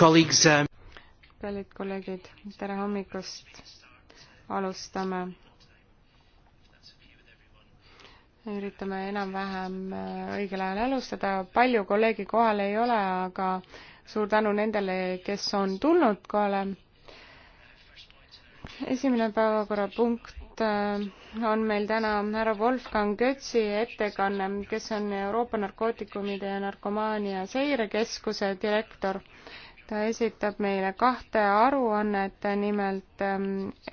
Um, kallid kolleegid, tere hommikust. alustame. üritame enam-vähem äh, õigel ajal alustada, palju kolleege kohal ei ole, aga suur tänu nendele, kes on tulnud kohale. esimene päevakorrapunkt äh, on meil täna härra Wolfgang Götzi ettekanne, kes on Euroopa narkootikumide ja narkomaania seirekeskuse direktor ta esitab meile kahte aruannet, nimelt ähm,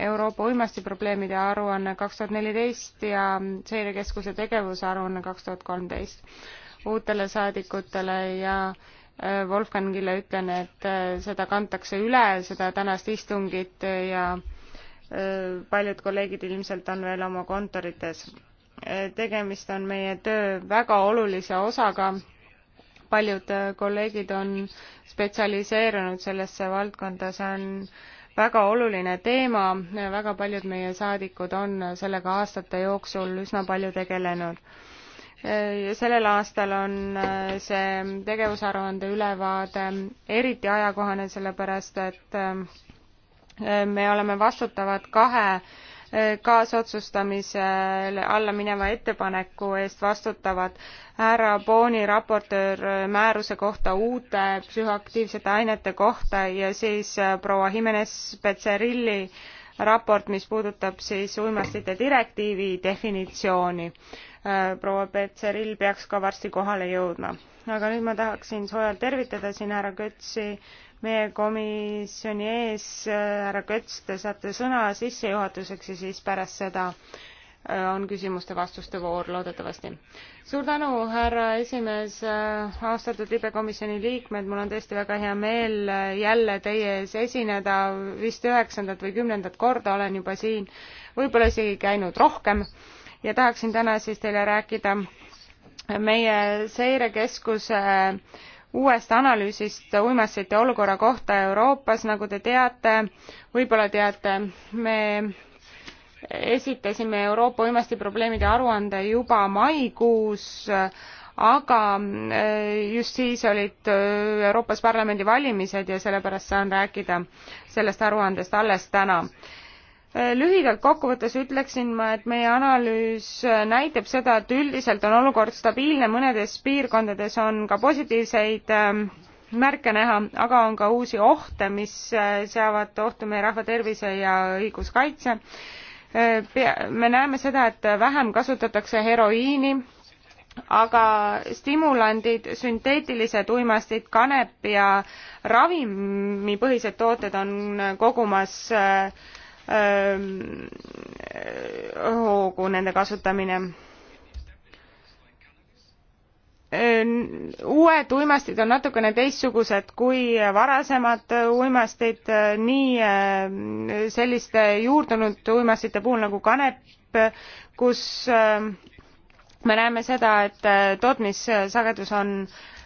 Euroopa uimastiprobleemide aruanne kaks tuhat neliteist ja Seirekeskuse tegevusaruanne kaks tuhat kolmteist uutele saadikutele ja äh, Wolfgangile ütlen, et äh, seda kantakse üle, seda tänast istungit ja äh, paljud kolleegid ilmselt on veel oma kontorites. tegemist on meie töö väga olulise osaga paljud äh, kolleegid on spetsialiseerunud sellesse valdkonda, see on väga oluline teema, väga paljud meie saadikud on sellega aastate jooksul üsna palju tegelenud. Äh, sellel aastal on äh, see tegevusaruande ülevaade eriti ajakohane, sellepärast et me oleme vastutavad kahe kaasotsustamisele alla mineva ettepaneku eest vastutavad härra Booni raportöör määruse kohta uute psühhoaktiivsete ainete kohta ja siis proua Jimenez Petserilli raport, mis puudutab siis uimastite direktiivi definitsiooni. proua Petserill peaks ka varsti kohale jõudma. aga nüüd ma tahaksin soojalt tervitada siin härra Kötsi meie komisjoni ees, härra Köts, te saate sõna sissejuhatuseks ja siis pärast seda äh, on küsimuste-vastuste voor loodetavasti. suur tänu, härra esimees, äh, austatud libekomisjoni liikmed, mul on tõesti väga hea meel äh, jälle teie ees esineda, vist üheksandat või kümnendat korda olen juba siin, võib-olla isegi käinud rohkem ja tahaksin täna siis teile rääkida meie seirekeskuse äh, uuest analüüsist uimastite olukorra kohta Euroopas, nagu te teate, võib-olla teate, me esitasime Euroopa uimastiprobleemide aruande juba maikuus, aga eh, just siis olid eh, Euroopas Parlamendi valimised ja sellepärast saan rääkida sellest aruandest alles täna Äh, lühidalt kokkuvõttes ütleksin ma, et meie analüüs äh, näitab seda, et üldiselt on olukord stabiilne, mõnedes piirkondades on ka positiivseid ähm, märke näha, aga on ka uusi ohte, mis äh, seavad ohtu meie rahva tervise ja õiguskaitse. me näeme seda, et vähem kasutatakse heroiini, aga stimulandid, sünteetilised uimastid, kanep ja ravimipõhised tooted on kogumas äh, Ähm, hoogu nende kasutamine. uued uimastid on natukene teistsugused kui varasemad uimastid, nii äh, selliste juurdunud uimastite puhul nagu kanep, kus äh, me näeme seda, et äh, tootmissagedus on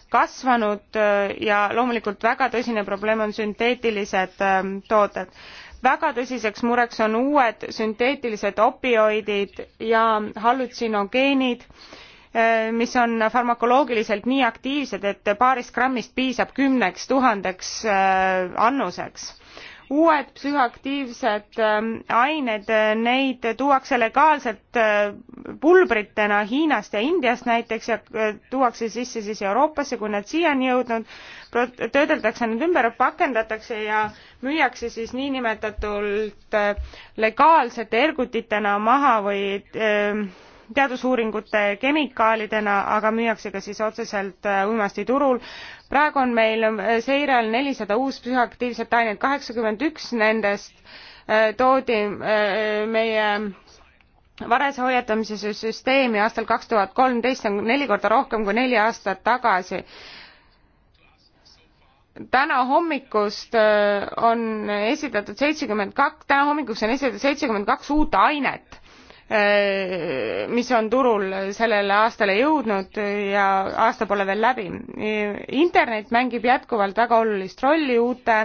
kasvanud ja loomulikult väga tõsine probleem on sünteetilised tooted väga tõsiseks mureks on uued sünteetilised opioidid ja hallutsinogeenid eh, mis on farmakoloogiliselt nii aktiivsed et paarist grammist piisab kümneks tuhandeks eh, annuseks uued psühhoaktiivsed ähm, ained, äh, neid tuuakse legaalselt äh, pulbritena Hiinast ja Indiast näiteks ja äh, tuuakse sisse siis Euroopasse, kui nad siiani jõudnud, töödeldakse need ümber, pakendatakse ja müüakse siis niinimetatult legaalsete ergutitena maha või ähm, teadusuuringute kemikaalidena, aga müüakse ka siis otseselt uimastiturul praegu on meil äh, seire all nelisada uus psühhoaktiivset ainet, kaheksakümmend üks nendest äh, toodi äh, meie varese hoiatamise süsteemi aastal kaks tuhat kolmteist, see on neli korda rohkem kui neli aastat tagasi täna hommikust on esitatud seitsekümmend kaks täna hommikuks on esitatud seitsekümmend kaks uut ainet Äh, mis on turul sellele aastale jõudnud ja aasta pole veel läbi. internet mängib jätkuvalt väga olulist rolli uute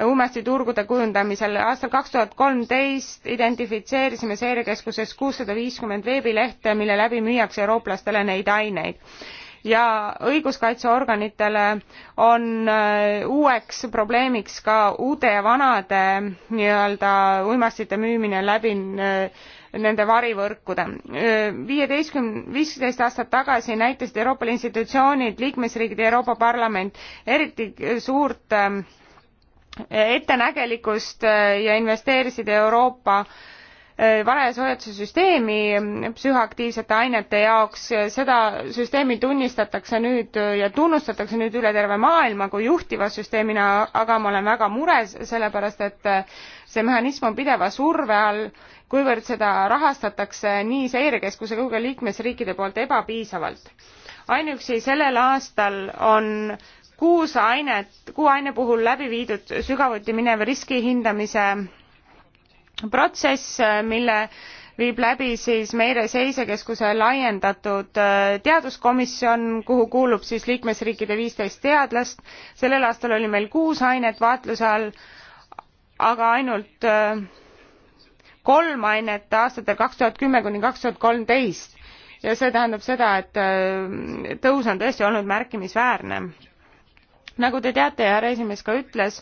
uimestiturgude kujundamisel. aastal kaks tuhat kolmteist identifitseerisime seirekeskuses kuussada viiskümmend veebilehte, mille läbi müüakse eurooplastele neid aineid ja õiguskaitseorganitele on äh, uueks probleemiks ka uute ja vanade nii-öelda uimastite müümine läbi äh, nende varivõrkude. viieteistkümne, viisteist aastat tagasi näitasid Euroopa institutsioonid, liikmesriigid ja Euroopa Parlament eriti suurt ähm, ettenägelikkust äh, ja investeerisid Euroopa äh, Eh, varajase hoiatuse süsteemi psühhoaktiivsete ainete jaoks, seda süsteemi tunnistatakse nüüd ja tunnustatakse nüüd üle terve maailma kui juhtiva süsteemina, aga ma olen väga mures, sellepärast et eh, see mehhanism on pideva surve all, kuivõrd seda rahastatakse nii seirekeskuse kui ka liikmesriikide poolt ebapiisavalt. ainuüksi sellel aastal on kuus ainet, kuue aine puhul läbi viidud sügavuti minev riskihindamise protsess, äh, mille viib läbi siis Meire Seisekeskuse laiendatud äh, teaduskomisjon, kuhu kuulub siis liikmesriikide viisteist teadlast. sellel aastal oli meil kuus ainet vaatluse all, aga ainult äh, kolm ainet aastatel kaks tuhat kümme kuni kaks tuhat kolmteist ja see tähendab seda, et tõus on tõesti olnud märkimisväärne. nagu te teate ja härra esimees ka ütles,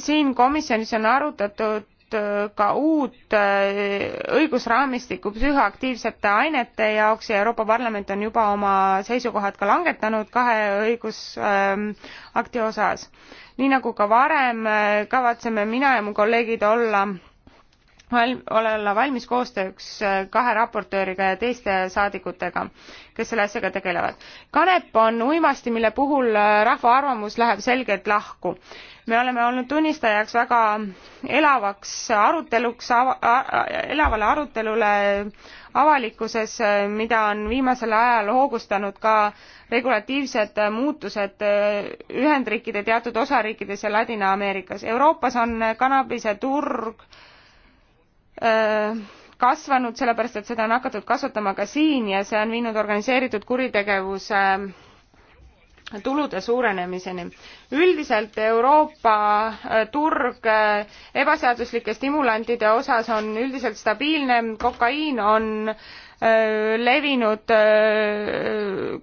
siin komisjonis on arutatud äh, ka uut äh, õigusraamistikku psühhoaktiivsete ainete jaoks ja Euroopa Parlament on juba oma seisukohad ka langetanud kahe õigusakti ähm, osas. nii nagu ka varem, äh, kavatseme mina ja mu kolleegid olla val-, olla valmis koostööks äh, kahe raportööriga ja teiste saadikutega, kes selle asjaga tegelevad. kanep on uimasti, mille puhul äh, rahva arvamus läheb selgelt lahku. me oleme olnud tunnistajaks väga elavaks aruteluks, elavale arutelule avalikkuses, äh, mida on viimasel ajal hoogustanud ka regulatiivsed muutused Ühendriikide teatud osariikides ja Ladina-Ameerikas. Euroopas on kannabise turg kasvanud, sellepärast et seda on hakatud kasutama ka siin ja see on viinud organiseeritud kuritegevuse tulude suurenemiseni. üldiselt Euroopa turg ebaseaduslike stimulantide osas on üldiselt stabiilne, kokaiin on levinud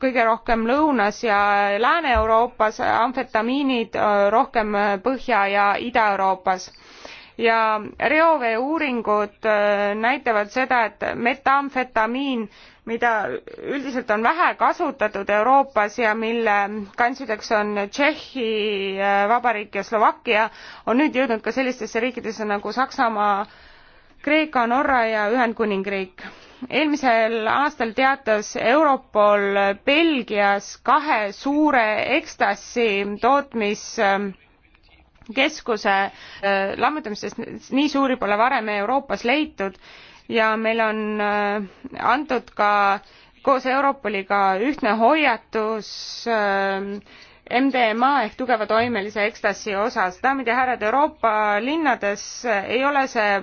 kõige rohkem Lõunas ja Lääne-Euroopas, amfetamiinid rohkem Põhja- ja Ida-Euroopas ja reovee uuringud äh, näitavad seda, et metamfetamiin, mida üldiselt on vähe kasutatud Euroopas ja mille kandsideks on Tšehhi äh, Vabariik ja Slovakkia, on nüüd jõudnud ka sellistesse riikidesse nagu Saksamaa, Kreeka, Norra ja Ühendkuningriik. eelmisel aastal teatas Europol Belgias kahe suure ekstasi tootmis äh, keskuse äh, lammutamisest nii suuri pole varem Euroopas leitud ja meil on äh, antud ka koos Europoliga ühtne hoiatus äh, MDMA ehk tugeva toimelise ekstasi osas. daamid ja härrad, Euroopa linnades ei ole see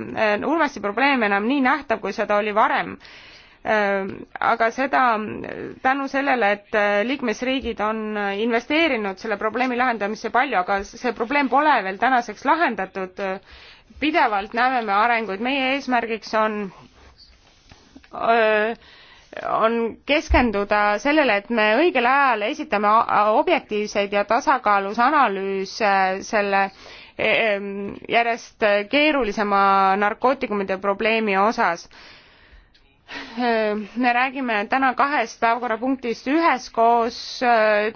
urmasti probleem enam nii nähtav, kui seda oli varem Ehm, aga seda tänu sellele, et äh, liikmesriigid on investeerinud selle probleemi lahendamisse palju, aga see probleem pole veel tänaseks lahendatud. pidevalt näeme me arenguid, meie eesmärgiks on öö, on keskenduda sellele, et me õigel ajal esitame objektiivseid ja tasakaalus analüüse selle järjest keerulisema narkootikumide probleemi osas me räägime täna kahest päevakorrapunktist üheskoos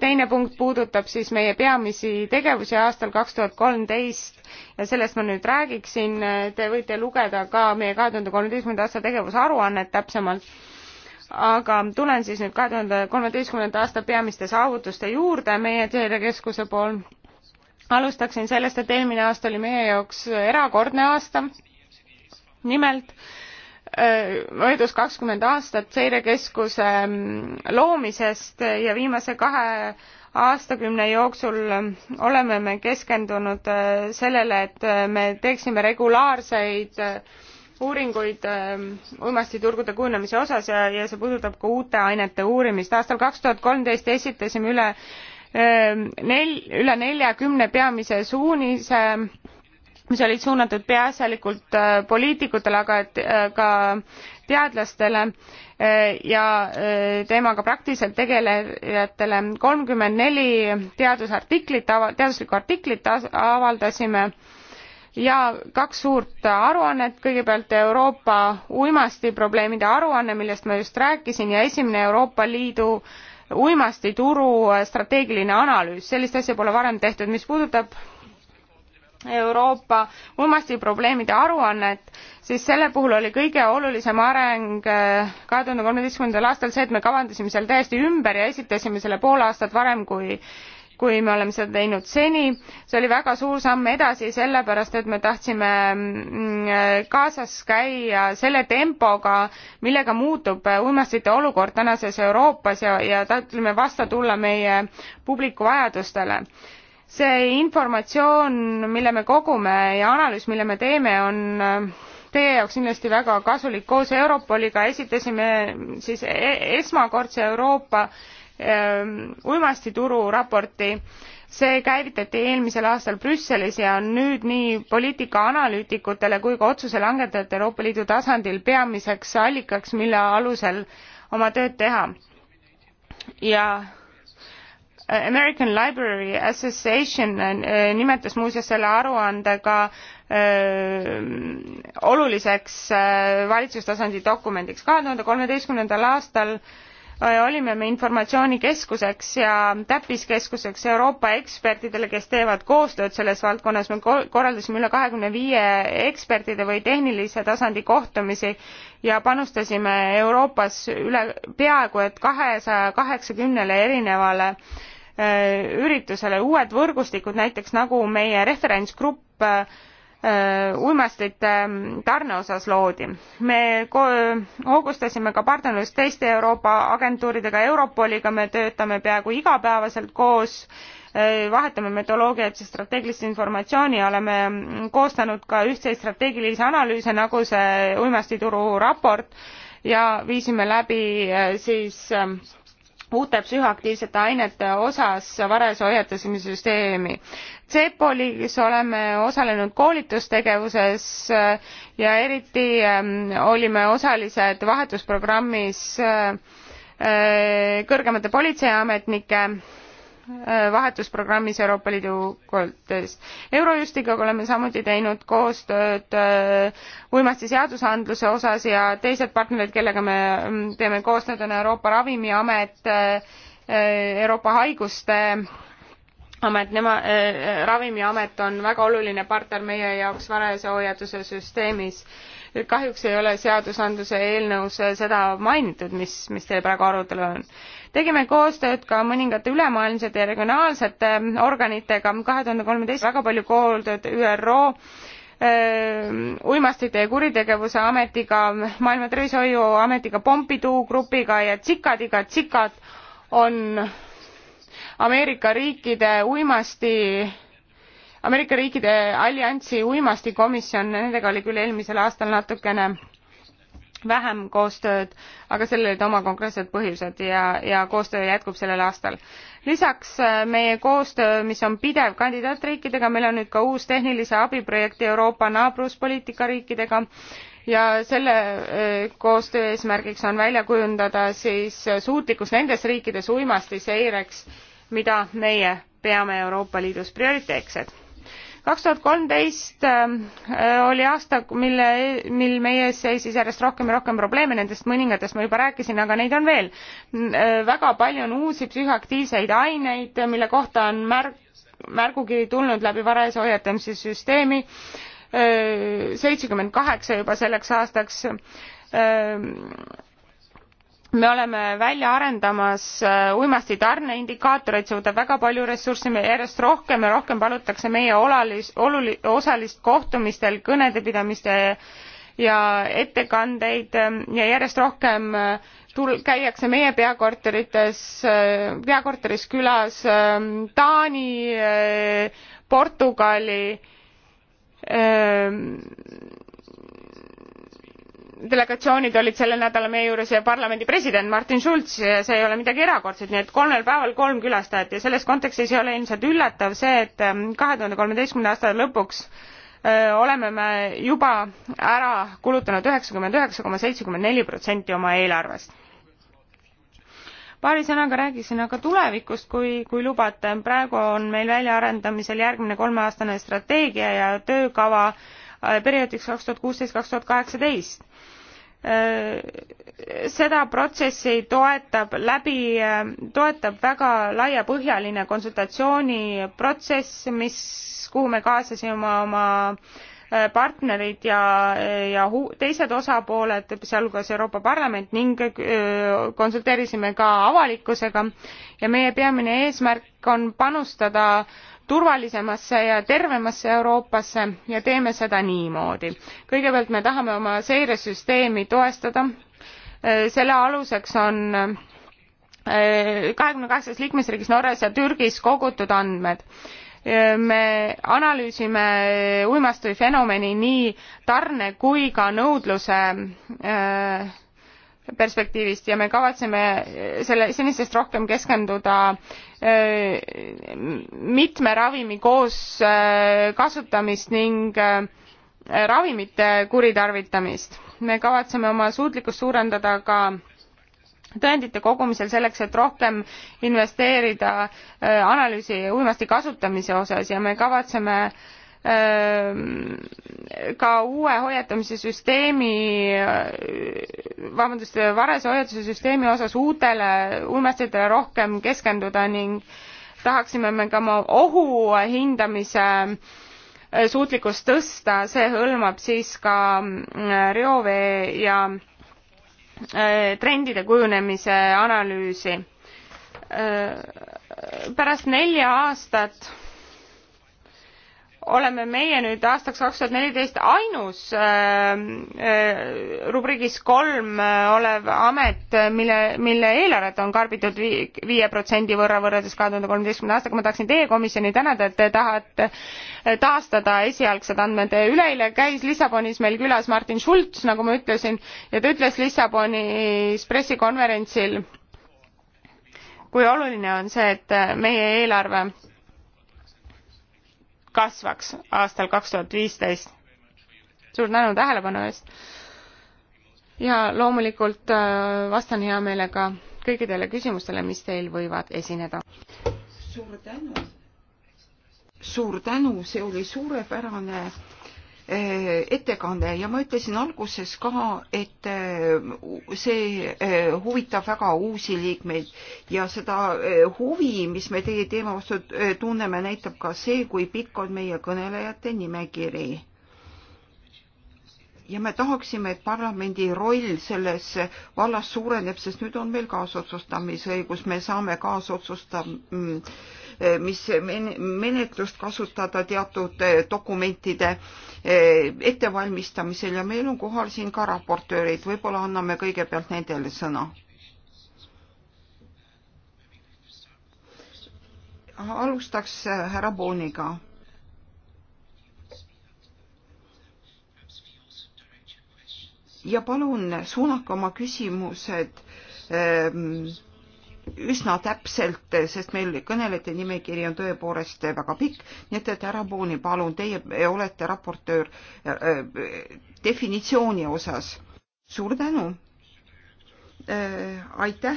teine punkt puudutab siis meie peamisi tegevusi aastal 2013 ja sellest ma nüüd räägiksin te võite lugeda ka meie 2013 aasta tegevusaruannet täpsemalt aga tulen siis nüüd 2013 aasta peamiste saavutuste juurde meie seirekeskuse pool alustaksin sellest et eelmine aasta oli meie jaoks erakordne aasta nimelt möödus äh, kakskümmend aastat seirekeskuse ähm, loomisest ja viimase kahe aastakümne jooksul ähm, oleme me keskendunud äh, sellele, et äh, me teeksime regulaarseid uuringuid ähm, uimastiturgude kujunemise osas ja, ja see puudutab ka uute ainete uurimist. aastal kaks tuhat kolmteist esitasime üle nel-, üle neljakümne peamise suunise mis olid suunatud peaasjalikult äh, poliitikutele aga et äh, ka teadlastele äh, ja teemaga praktiliselt tegelejatele kolmkümmend neli teadusartiklit teaduslikku artiklit avaldasime ja kaks suurt aruannet kõigepealt euroopa uimastiprobleemide aruanne millest ma just rääkisin ja esimene euroopa liidu uimastituru strateegiline analüüs sellist asja pole varem tehtud mis puudutab Euroopa uimastiprobleemide aruannet, siis selle puhul oli kõige olulisem areng äh, kahe tuhande kolmeteistkümnendal aastal see, et me kavandasime selle täiesti ümber ja esitasime selle pool aastat varem, kui kui me oleme seda teinud seni. see oli väga suur samm edasi, sellepärast et me tahtsime mm, äh, kaasas käia selle tempoga, millega muutub äh, uimastite olukord tänases Euroopas ja, ja tahtsime vastu tulla meie publiku vajadustele see informatsioon, mille me kogume ja analüüs, mille me teeme, on äh, teie jaoks kindlasti väga kasulik. koos Europoliga esitasime siis e-, esmakordse Euroopa ähm, uimastituru raporti. see käivitati eelmisel aastal Brüsselis ja on nüüd nii poliitikaanalüütikutele kui ka otsuse langetajate Euroopa Liidu tasandil peamiseks allikaks, mille alusel oma tööd teha. ja American Library Association äh, nimetas muuseas selle aruandega äh, oluliseks äh, valitsustasandi dokumendiks. kahe tuhande kolmeteistkümnendal aastal olime me informatsioonikeskuseks ja täppiskeskuseks euroopa ekspertidele kes teevad koostööd selles valdkonnas me korraldasime üle kahekümne viie ekspertide või tehnilise tasandi kohtumisi ja panustasime euroopas üle peaaegu et kahesaja kaheksakümnele erinevale äh, Äh, üritusele uued võrgustikud näiteks nagu meie referentsgrupp äh, äh, uimastite ähm, tarne osas loodi. me hoogustasime ka partnerlust teiste Euroopa agentuuridega, Europoliga me töötame peaaegu igapäevaselt koos, vahetame metodoloogiat ja strateegilist informatsiooni ja oleme mm, koostanud ka ühtseid strateegilisi analüüse, nagu see uimastituru raport ja viisime läbi siis ähm, uute psühhoaktiivsete ainete osas varajase hoiatamise süsteemi. CEPOLis oleme osalenud koolitustegevuses ja eriti ähm, olime osalised vahetusprogrammis äh, äh, kõrgemate politseiametnike Äh, vahetusprogrammis Euroopa Liidu kooldes. Eurojustiga oleme samuti teinud koostööd äh, uimasti seadusandluse osas ja teised partnerid, kellega me mm, teeme koostööd, on Euroopa Ravimiamet, äh, Euroopa Haiguste amet, nema- äh,, Ravimiamet on väga oluline partner meie jaoks varajase hoiatuse süsteemis. kahjuks ei ole seadusandluse eelnõus seda mainitud, mis, mis teil praegu arutelul on tegime koostööd ka mõningate ülemaailmsete ja regionaalsete ähm, organitega kahe tuhande kolmeteist väga palju koostööd üro ähm, uimastite ja kuritegevuse ametiga maailma tervishoiuametiga pompidou grupiga ja cicadiga cicad on ameerika riikide uimasti ameerika riikide alliansi uimastikomisjon nendega oli küll eelmisel aastal natukene vähem koostööd, aga sellel olid oma konkreetsed põhjused ja, ja koostöö jätkub sellel aastal. lisaks äh, meie koostöö, mis on pidev kandidaatriikidega, meil on nüüd ka uus tehnilise abi projekt Euroopa naabruspoliitika riikidega ja selle äh, koostöö eesmärgiks on välja kujundada siis äh, suutlikkus nendes riikides uimasti seireks, mida meie peame Euroopa Liidus prioriteetsed kaks tuhat kolmteist ähm, äh, oli aasta, mille, e-, mil meie ees seisis järjest rohkem ja rohkem probleeme, nendest mõningatest ma juba rääkisin, aga neid on veel. Äh, väga palju on uusi psühhoaktiivseid aineid, mille kohta on märk, märgukiri tulnud läbi varajase hoiatamise süsteemi, äh, seitsekümmend kaheksa juba selleks aastaks ähm, me oleme välja arendamas äh, uimasti tarneindikaatoreid see võtab väga palju ressurssi me järjest rohkem ja rohkem palutakse meie olalis, oluli, osalist kohtumistel kõnede pidamiste ja ettekandeid ähm, ja järjest rohkem äh, tul- käiakse meie peakorterites äh, peakorteris külas ähm, taani portugali ähm, delegatsioonid olid sellel nädalal meie juures ja parlamendi president martin schulz ja see ei ole midagi erakordset nii et kolmel päeval kolm külastajat ja selles kontekstis ei ole ilmselt üllatav see et 2013. Ähm, aasta lõpuks öö, äh, oleme me juba ära kulutanud 99,74 protsenti oma eelarvest paari sõnaga räägiksin aga tulevikust kui kui lubate praegu on meil väljaarendamisel järgmine kolmeaastane strateegia ja töökava Äh, perioodiks kaks tuhat kuusteist kaks tuhat kaheksateist äh, seda protsessi toetab läbi, äh, toetab väga laiapõhjaline konsultatsiooniprotsess, mis, kuhu me kaasasime oma, oma partnerid ja, ja hu-, teised osapooled, sealhulgas Euroopa Parlament ning konsulteerisime ka avalikkusega ja meie peamine eesmärk on panustada äh, turvalisemasse ja tervemasse Euroopasse ja teeme seda niimoodi. kõigepealt me tahame oma seiresüsteemi toestada. Äh, selle aluseks on äh, kahekümne kaheksas liikmesriigis Norras ja Türgis kogutud andmed äh, me analüüsime uimastufenomeni nii tarne kui ka nõudluse äh, perspektiivist ja me kavatseme selle senisest rohkem keskenduda mitme ravimi koos kasutamist ning ravimite kuritarvitamist. me kavatseme oma suutlikkust suurendada ka tõendite kogumisel selleks, et rohkem investeerida analüüsi uimasti kasutamise osas ja me kavatseme äh, Ehm, ka uue hoiatamise süsteemi, vabandust, varase hoiatuse süsteemi osas uutele uimastitele rohkem keskenduda ning tahaksime me ka oma ohu hindamise eh, suutlikkust tõsta, see hõlmab siis ka mm, reovee ja eh, trendide kujunemise analüüsi. Eh, pärast nelja aastat oleme meie nüüd aastaks kaks tuhat neliteist ainus äh, äh rubriigis kolm äh, olev amet, mille, mille eelarvet on karbitud viie protsendi võrra võrreldes kahe tuhande kolmeteistkümnenda aastaga. ma tahaksin teie komisjoni tänada, et te tahate äh, taastada esialgsed andmed. üleeile käis Lissabonis meil külas Martin Schulz, nagu ma ütlesin, ja ta ütles Lissabonis pressikonverentsil, kui oluline on see, et meie eelarve kasvaks aastal kaks tuhat viisteist. suur tänu tähelepanu eest ja loomulikult äh, vastan hea meelega kõikidele küsimustele, mis teil võivad esineda. suur tänu. suur tänu, see oli suurepärane Eh, ettekanne ja ma ütlesin alguses ka, et eh, see eh, huvitab väga uusi liikmeid ja seda huvi, mis me teie teema vastu tunneme, näitab ka see, kui pikk on meie kõnelejate nimekiri. ja me tahaksime, et parlamendi roll selles vallas suureneb, sest nüüd on meil kaasotsustamisõigus, me saame kaasotsustada mm, Eh, mis menetlust kasutada teatud eh, dokumentide eh, ettevalmistamisel ja meil on kohal siin ka raportöörid, võib-olla anname kõigepealt nendele sõna. alustaks härra Booniga ja palun suunake oma küsimused ähm, üsna täpselt, sest meil kõnelejate nimekiri on tõepoolest väga pikk, nii et, et härra Booni, palun, teie olete raportöör äh, definitsiooni osas. suur tänu äh,. aitäh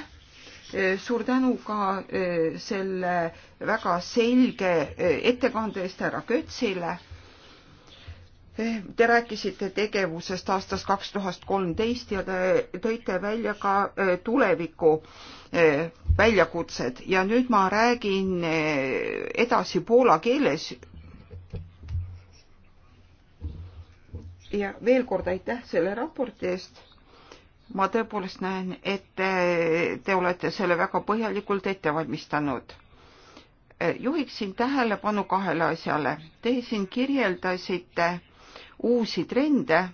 äh, suur tänu ka äh, selle väga selge äh, ettekande eest härra Kötsile Eh, te rääkisite tegevusest aastast kaks tuhat kolmteist ja te tõite välja ka eh, tuleviku eh, väljakutsed ja nüüd ma räägin edasi poola keeles. ja veel kord aitäh selle raporti eest ma tõepoolest näen, et te, te olete selle väga põhjalikult ette valmistanud. juhiksin tähelepanu kahele asjale. Te siin kirjeldasite uusi trende.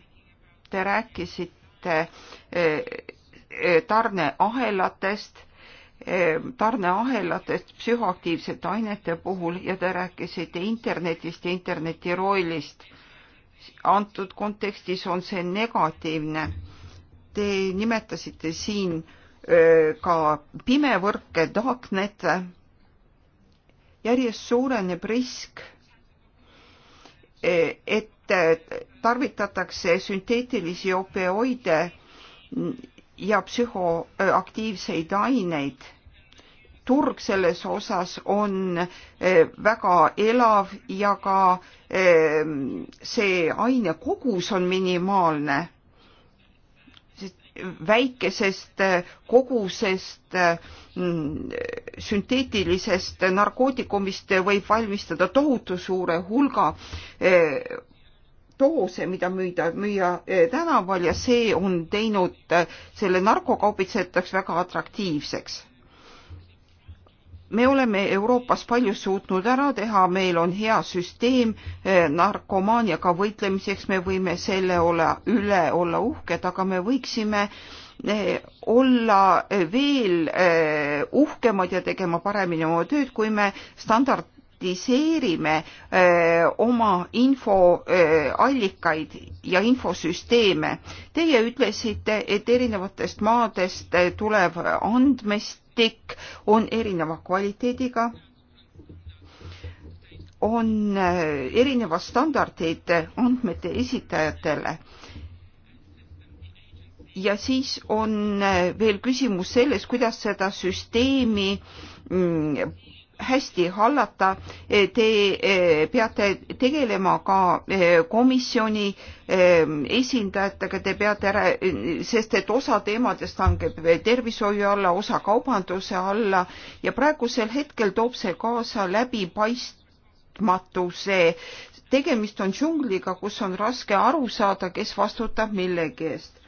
Te rääkisite eh, eh, tarneahelatest, eh, tarneahelatest psühhoaktiivsete ainete puhul ja te rääkisite internetist ja interneti rollist. antud kontekstis on see negatiivne. Te nimetasite siin ka pimevõrke, darknet'e. järjest suureneb risk et tarvitatakse sünteetilisi opioide ja psühhoaktiivseid aineid. turg selles osas on eh, väga elav ja ka eh, see aine kogus on minimaalne väikesest äh, kogusest äh, sünteetilisest narkootikumist võib valmistada tohutu suure hulga äh, doose, mida müüda, müüa tänaval ja see on teinud selle narkokaubitsetajaks väga atraktiivseks me oleme Euroopas palju suutnud ära teha, meil on hea süsteem eh, narkomaaniaga võitlemiseks, me võime selle ole, üle olla uhked, aga me võiksime eh, olla eh, veel uhkemad ja tegema paremini oma tööd, kui me standardiseerime oma infoallikaid ja infosüsteeme. Teie ütlesite, et erinevatest maadest tulev andmest võrgustik on erineva kvaliteediga, on äh, erinevad standardid andmete esitajatele. ja siis on äh, veel küsimus selles, kuidas seda süsteemi mm, hästi hallata, eh, te eh, peate tegelema ka eh, komisjoni esindajatega, te peate, sest et osa teemadest langeb tervishoiu alla, osa kaubanduse alla ja praegusel hetkel toob see kaasa läbipaistmatuse. tegemist on džungliga, kus on raske aru saada, kes vastutab millegi eest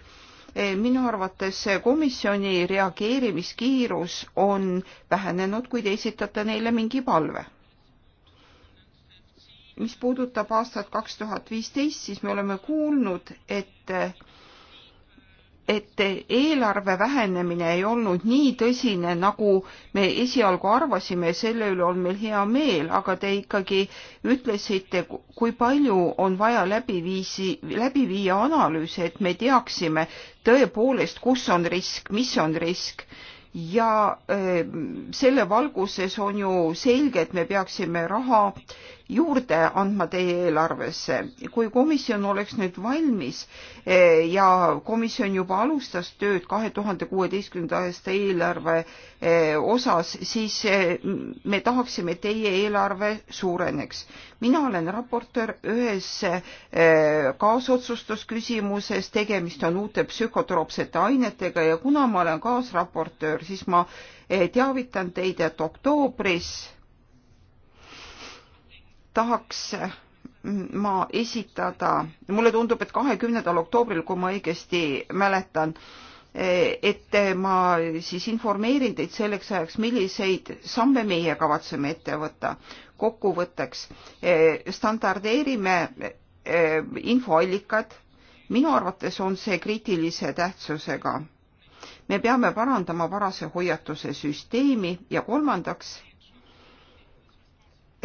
Eh, minu arvates komisjoni reageerimiskiirus on vähenenud, kui te esitate neile mingi palve. mis puudutab aastat kaks tuhat viisteist, siis me oleme kuulnud, et et eelarve vähenemine ei olnud nii tõsine, nagu me esialgu arvasime, selle üle on meil hea meel, aga te ikkagi ütlesite, kui palju on vaja läbi viisi, läbi viia analüüse, et me teaksime tõepoolest, kus on risk, mis on risk ja öö, selle valguses on ju selge, et me peaksime raha juurde andma teie eelarvesse. kui komisjon oleks nüüd valmis eh, ja komisjon juba alustas tööd kahe tuhande kuueteistkümnenda aasta eelarve eh, osas, siis eh, me tahaksime, et teie eelarve suureneks. mina olen raportöör ühes kaasotsustusküsimuses, tegemist on uute psühhotroopsete ainetega ja kuna ma olen kaasraportöör, siis ma teavitan teid, et oktoobris tahaks ma esitada, mulle tundub, et kahekümnendal oktoobril, kui ma õigesti mäletan, et ma siis informeerin teid selleks ajaks, milliseid samme meie kavatseme ette võtta. kokkuvõtteks standardeerime e, infoallikad, minu arvates on see kriitilise tähtsusega. me peame parandama varase hoiatuse süsteemi ja kolmandaks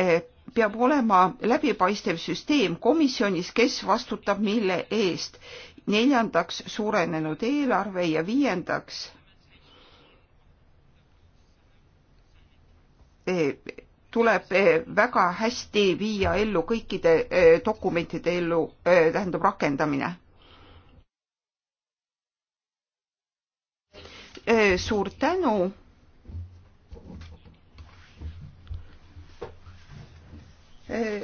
Eh, peab olema läbipaistev süsteem komisjonis, kes vastutab mille eest. neljandaks suurenenud eelarve ja viiendaks eh, tuleb eh, väga hästi viia ellu kõikide dokumentide ellu, tähendab rakendamine. suur tänu Äh,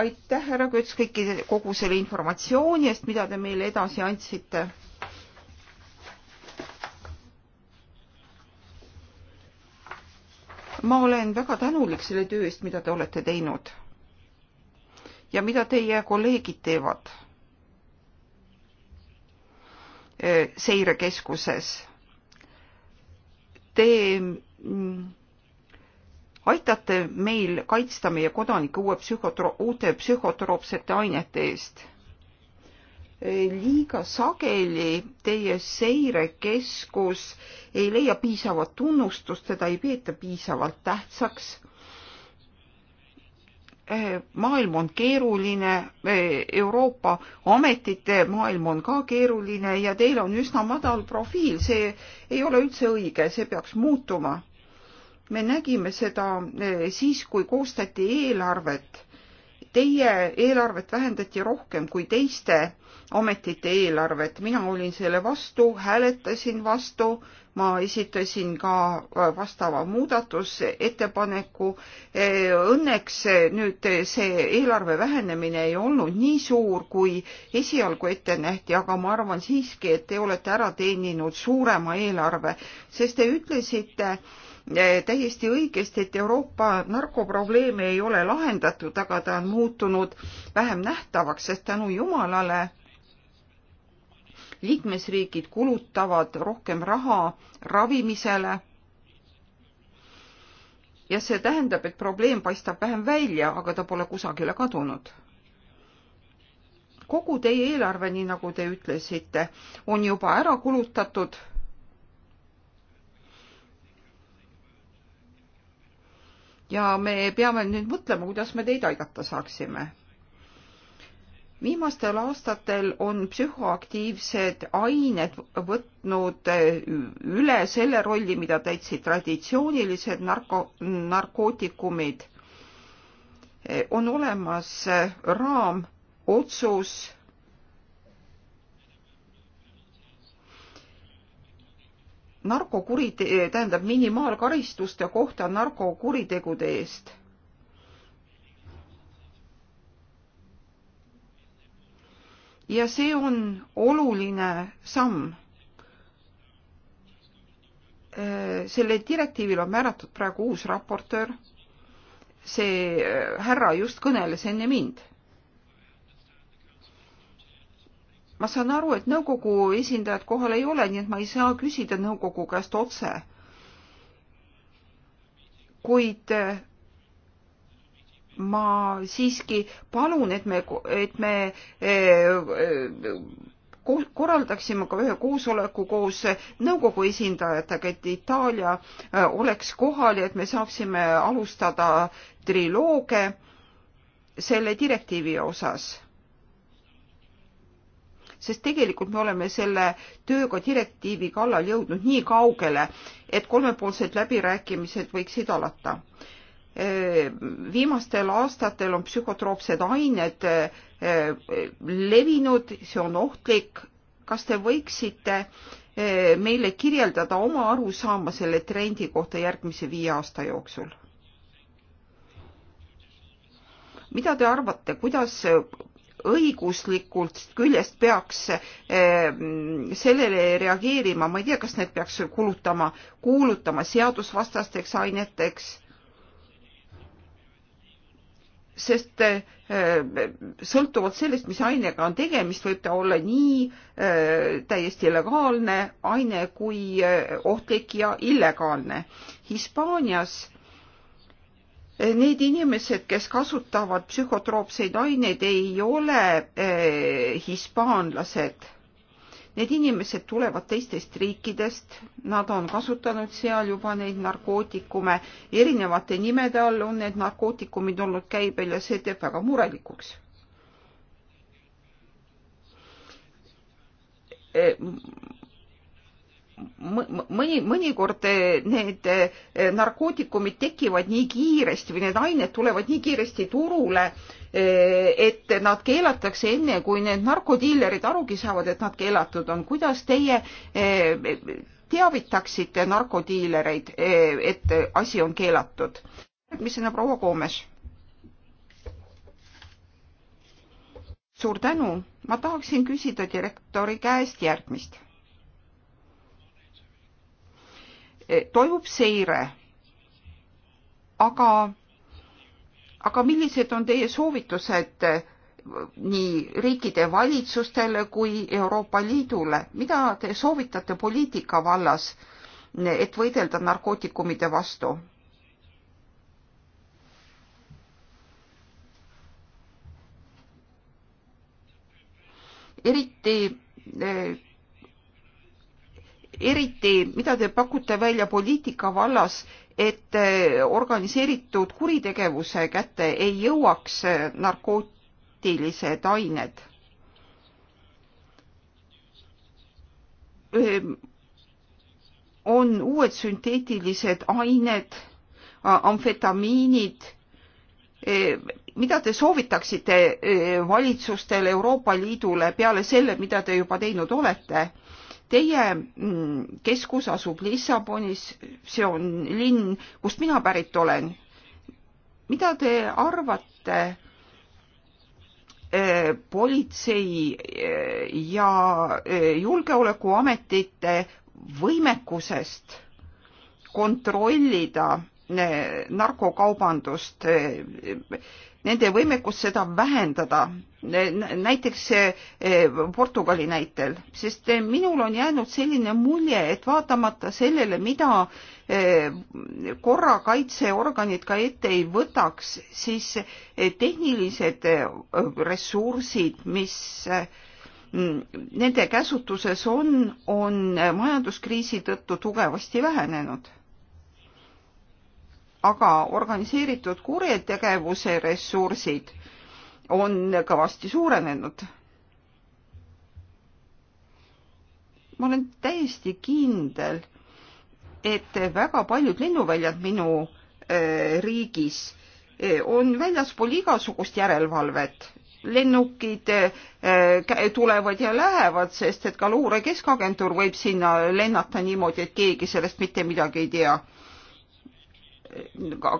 aitäh, härra Köts, kõikide, kogu selle informatsiooni eest, mida te meile edasi andsite. ma olen väga tänulik selle töö eest, mida te olete teinud ja mida teie kolleegid teevad äh, seirekeskuses. Te mm, aitate meil kaitsta meie kodanikke uue psühhotroop, uute psühhotroopsete ainete eest. liiga sageli teie seirekeskus ei leia piisavat tunnustust, teda ei peeta piisavalt tähtsaks maailm on keeruline, Euroopa ametite maailm on ka keeruline ja teil on üsna madal profiil, see ei ole üldse õige, see peaks muutuma me nägime seda eh, siis, kui koostati eelarvet. Teie eelarvet vähendati rohkem kui teiste ametite eelarvet, mina olin selle vastu, hääletasin vastu, ma esitasin ka eh, vastava muudatusettepaneku. Eh, õnneks nüüd see eelarve vähenemine ei olnud nii suur, kui esialgu ette nähti, aga ma arvan siiski, et te olete ära teeninud suurema eelarve, sest te ütlesite, Eh, täiesti õigesti, et Euroopa narkoprobleemi ei ole lahendatud, aga ta on muutunud vähem nähtavaks, sest tänu jumalale liikmesriigid kulutavad rohkem raha ravimisele. ja see tähendab, et probleem paistab vähem välja, aga ta pole kusagile kadunud kogu teie eelarve, nii nagu te ütlesite, on juba ära kulutatud ja me peame nüüd mõtlema, kuidas me teid aidata saaksime. viimastel aastatel on psühhoaktiivsed ained võtnud üle selle rolli, mida täitsid traditsioonilised narko, narkootikumid. on olemas raamotsus narkokuritee, eh, tähendab minimaalkaristuste kohta narkokuritegude eest. ja see on oluline samm. Eh, selle direktiivil on määratud praegu uus raportöör. see eh, härra just kõneles enne mind ma saan aru, et nõukogu esindajat kohal ei ole, nii et ma ei saa küsida nõukogu käest otse. kuid eh, ma siiski palun, et me, et me eh, korraldaksime ka ühe koosoleku koos nõukogu esindajatega, et Itaalia eh, oleks kohal ja et me saaksime alustada trilooge selle direktiivi osas sest tegelikult me oleme selle tööga direktiivi kallal jõudnud nii kaugele, et kolmepoolsed läbirääkimised võiksid alata. viimastel aastatel on psühhotroopsed ained levinud, see on ohtlik. kas te võiksite meile kirjeldada oma arusaama selle trendi kohta järgmise viie aasta jooksul? mida te arvate, kuidas õiguslikult küljest peaks eh, sellele reageerima, ma ei tea, kas need peaks kulutama, kuulutama seadusvastasteks aineteks, sest eh, sõltuvalt sellest, mis ainega on tegemist, võib ta olla nii eh, täiesti legaalne aine kui ohtlik ja illegaalne. Hispaanias Need inimesed, kes kasutavad psühhotroopseid aineid, ei ole eh, hispaanlased. Need inimesed tulevad teistest riikidest, nad on kasutanud seal juba neid narkootikume, erinevate nimede all on need narkootikumid olnud käibel ja see teeb väga murelikuks. Eh, mõni, mõnikord eh, need eh, narkootikumid tekivad nii kiiresti või need ained tulevad nii kiiresti turule, eh, et nad keelatakse enne, kui need narkodiilerid arugi saavad, et nad keelatud on. kuidas teie teavitaksite narkodiilereid, et asi on keelatud? järgmisena proua Koomes. suur tänu, ma tahaksin küsida direktori käest järgmist Eh, toimub seire. aga, aga millised on teie soovitused eh, nii riikide valitsustele kui Euroopa Liidule, mida te soovitate poliitika vallas, eh, et võidelda narkootikumide vastu? eriti eriti, mida te pakute välja poliitika vallas, et eh, organiseeritud kuritegevuse kätte ei jõuaks eh, narkootilised ained? Ehm, on uued sünteetilised ained, amfetamiinid, eh, mida te soovitaksite valitsustele, Euroopa Liidule peale selle, mida te juba teinud olete? Teie mm, keskus asub Lissabonis, see on linn, kust mina pärit olen. mida te arvate eh, politsei eh, ja eh, julgeolekuametite võimekusest kontrollida narkokaubandust nende võimekust seda vähendada, näiteks eh, Portugali näitel, sest eh, minul on jäänud selline mulje, et vaatamata sellele, mida eh, korrakaitseorganid ka ette ei võtaks, siis tehnilised ressursid, mis nende käsutuses on, on majanduskriisi tõttu tugevasti vähenenud aga organiseeritud kurjategevuse ressursid on kõvasti suurenenud. ma olen täiesti kindel, et väga paljud lennuväljad minu äh, riigis äh, on väljaspool igasugust järelevalvet. lennukid äh, tulevad ja lähevad, sest et ka luure keskagentuur võib sinna lennata niimoodi, et keegi sellest mitte midagi ei tea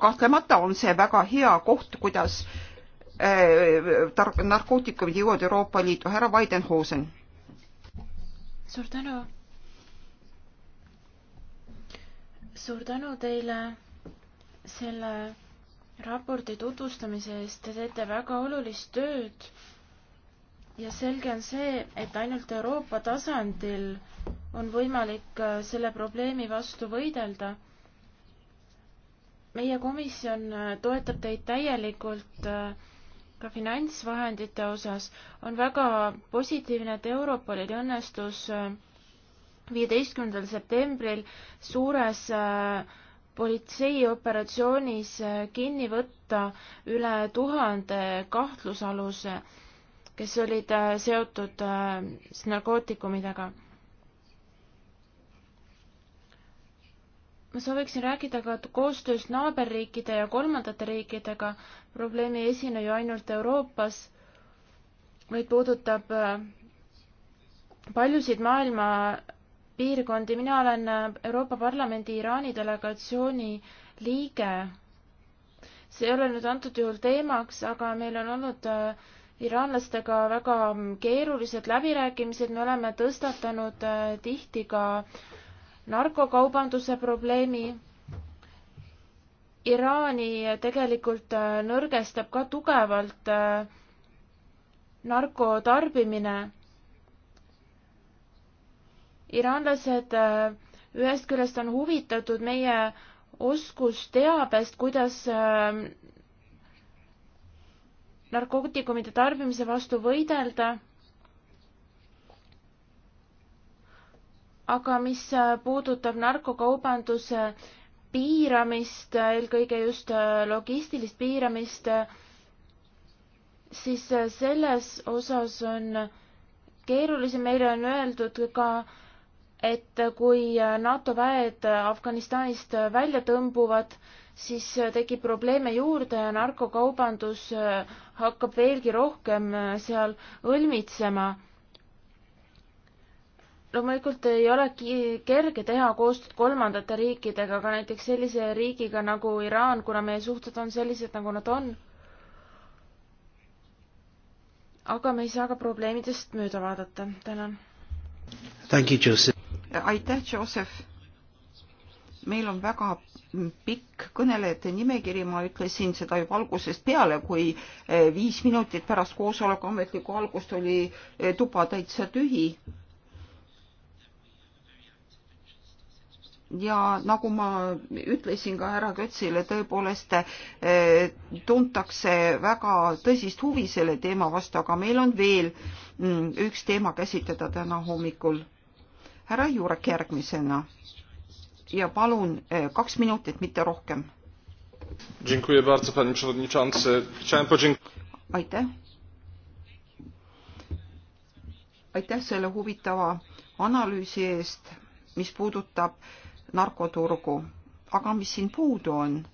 kahtlemata on see väga hea koht, kuidas äh, narkootikumid jõuavad Euroopa Liitu. härra Weidenhausen. suur tänu. suur tänu teile selle raporti tutvustamise eest. Te teete väga olulist tööd. ja selge on see, et ainult Euroopa tasandil on võimalik äh, selle probleemi vastu võidelda meie komisjon äh, toetab teid täielikult äh, ka finantsvahendite osas. on väga positiivne, et Europolil õnnestus äh, viieteistkümnendal septembril suures politseioperatsioonis kinni võtta üle tuhande kahtlusaluse, kes olid seotud narkootikumidega ma sooviksin rääkida ka koostööst naaberriikide ja kolmandate riikidega. probleemi ei esine ju ainult Euroopas, vaid puudutab äh, paljusid maailma piirkondi. mina olen äh, Euroopa Parlamendi Iraani delegatsiooni liige. see ei ole nüüd antud juhul teemaks, aga meil on olnud äh, iraanlastega väga keerulised läbirääkimised, me oleme tõstatanud tihti ka äh, narkokaubanduse probleemi. Iraani tegelikult äh, nõrgestab ka tugevalt äh, narkotarbimine. iraanlased äh, ühest küljest on huvitatud meie oskusteabest, kuidas narkootikumide tarbimise vastu võidelda aga mis äh, puudutab narkokaubanduse piiramist, äh, eelkõige just äh, logistilist piiramist, siis selles osas on keerulisem, meile on öeldud ka, et kui NATO väed Afganistanist välja tõmbuvad, siis tekib probleeme juurde ja narkokaubandus hakkab veelgi rohkem seal õlmitsema loomulikult ei ole kerge teha koostööd kolmandate riikidega, aga näiteks sellise riigiga nagu Iraan, kuna meie suhted on sellised, nagu nad on. aga me ei saa ka probleemidest mööda vaadata. tänan. aitäh, Joseph. meil on väga pikk kõnelejate nimekiri, ma ütlesin seda juba algusest peale, kui eh, viis minutit pärast koosoleku ametlikku algust oli eh, tuba täitsa tühi ja nagu ma ütlesin ka härra Kötsile, tõepoolest eh, tuntakse väga tõsist huvi selle teema vastu, aga meil on veel mm, üks teema käsitleda täna hommikul. härra Jurek järgmisena ja palun eh, kaks minutit, mitte rohkem. aitäh. aitäh selle huvitava analüüsi eest, mis puudutab äh, narkoturgu. aga mis siin puudu on?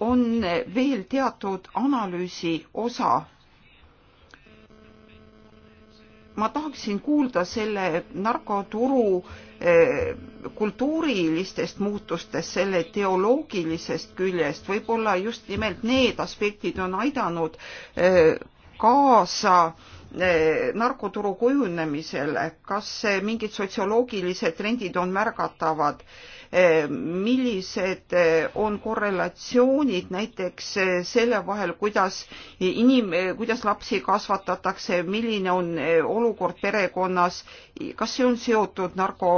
on veel teatud analüüsi osa. ma tahaksin kuulda selle narkoturu eh, kultuurilistest muutustest, selle teoloogilisest küljest, võib-olla just nimelt need aspektid on aidanud eh, kaasa äh, Eh, narkoturu kujunemisele, kas mingid sotsioloogilised trendid on märgatavad? Eh, millised eh, on korrelatsioonid näiteks selle vahel, kuidas inim-, kuidas lapsi kasvatatakse, milline on olukord perekonnas, kas see on seotud narko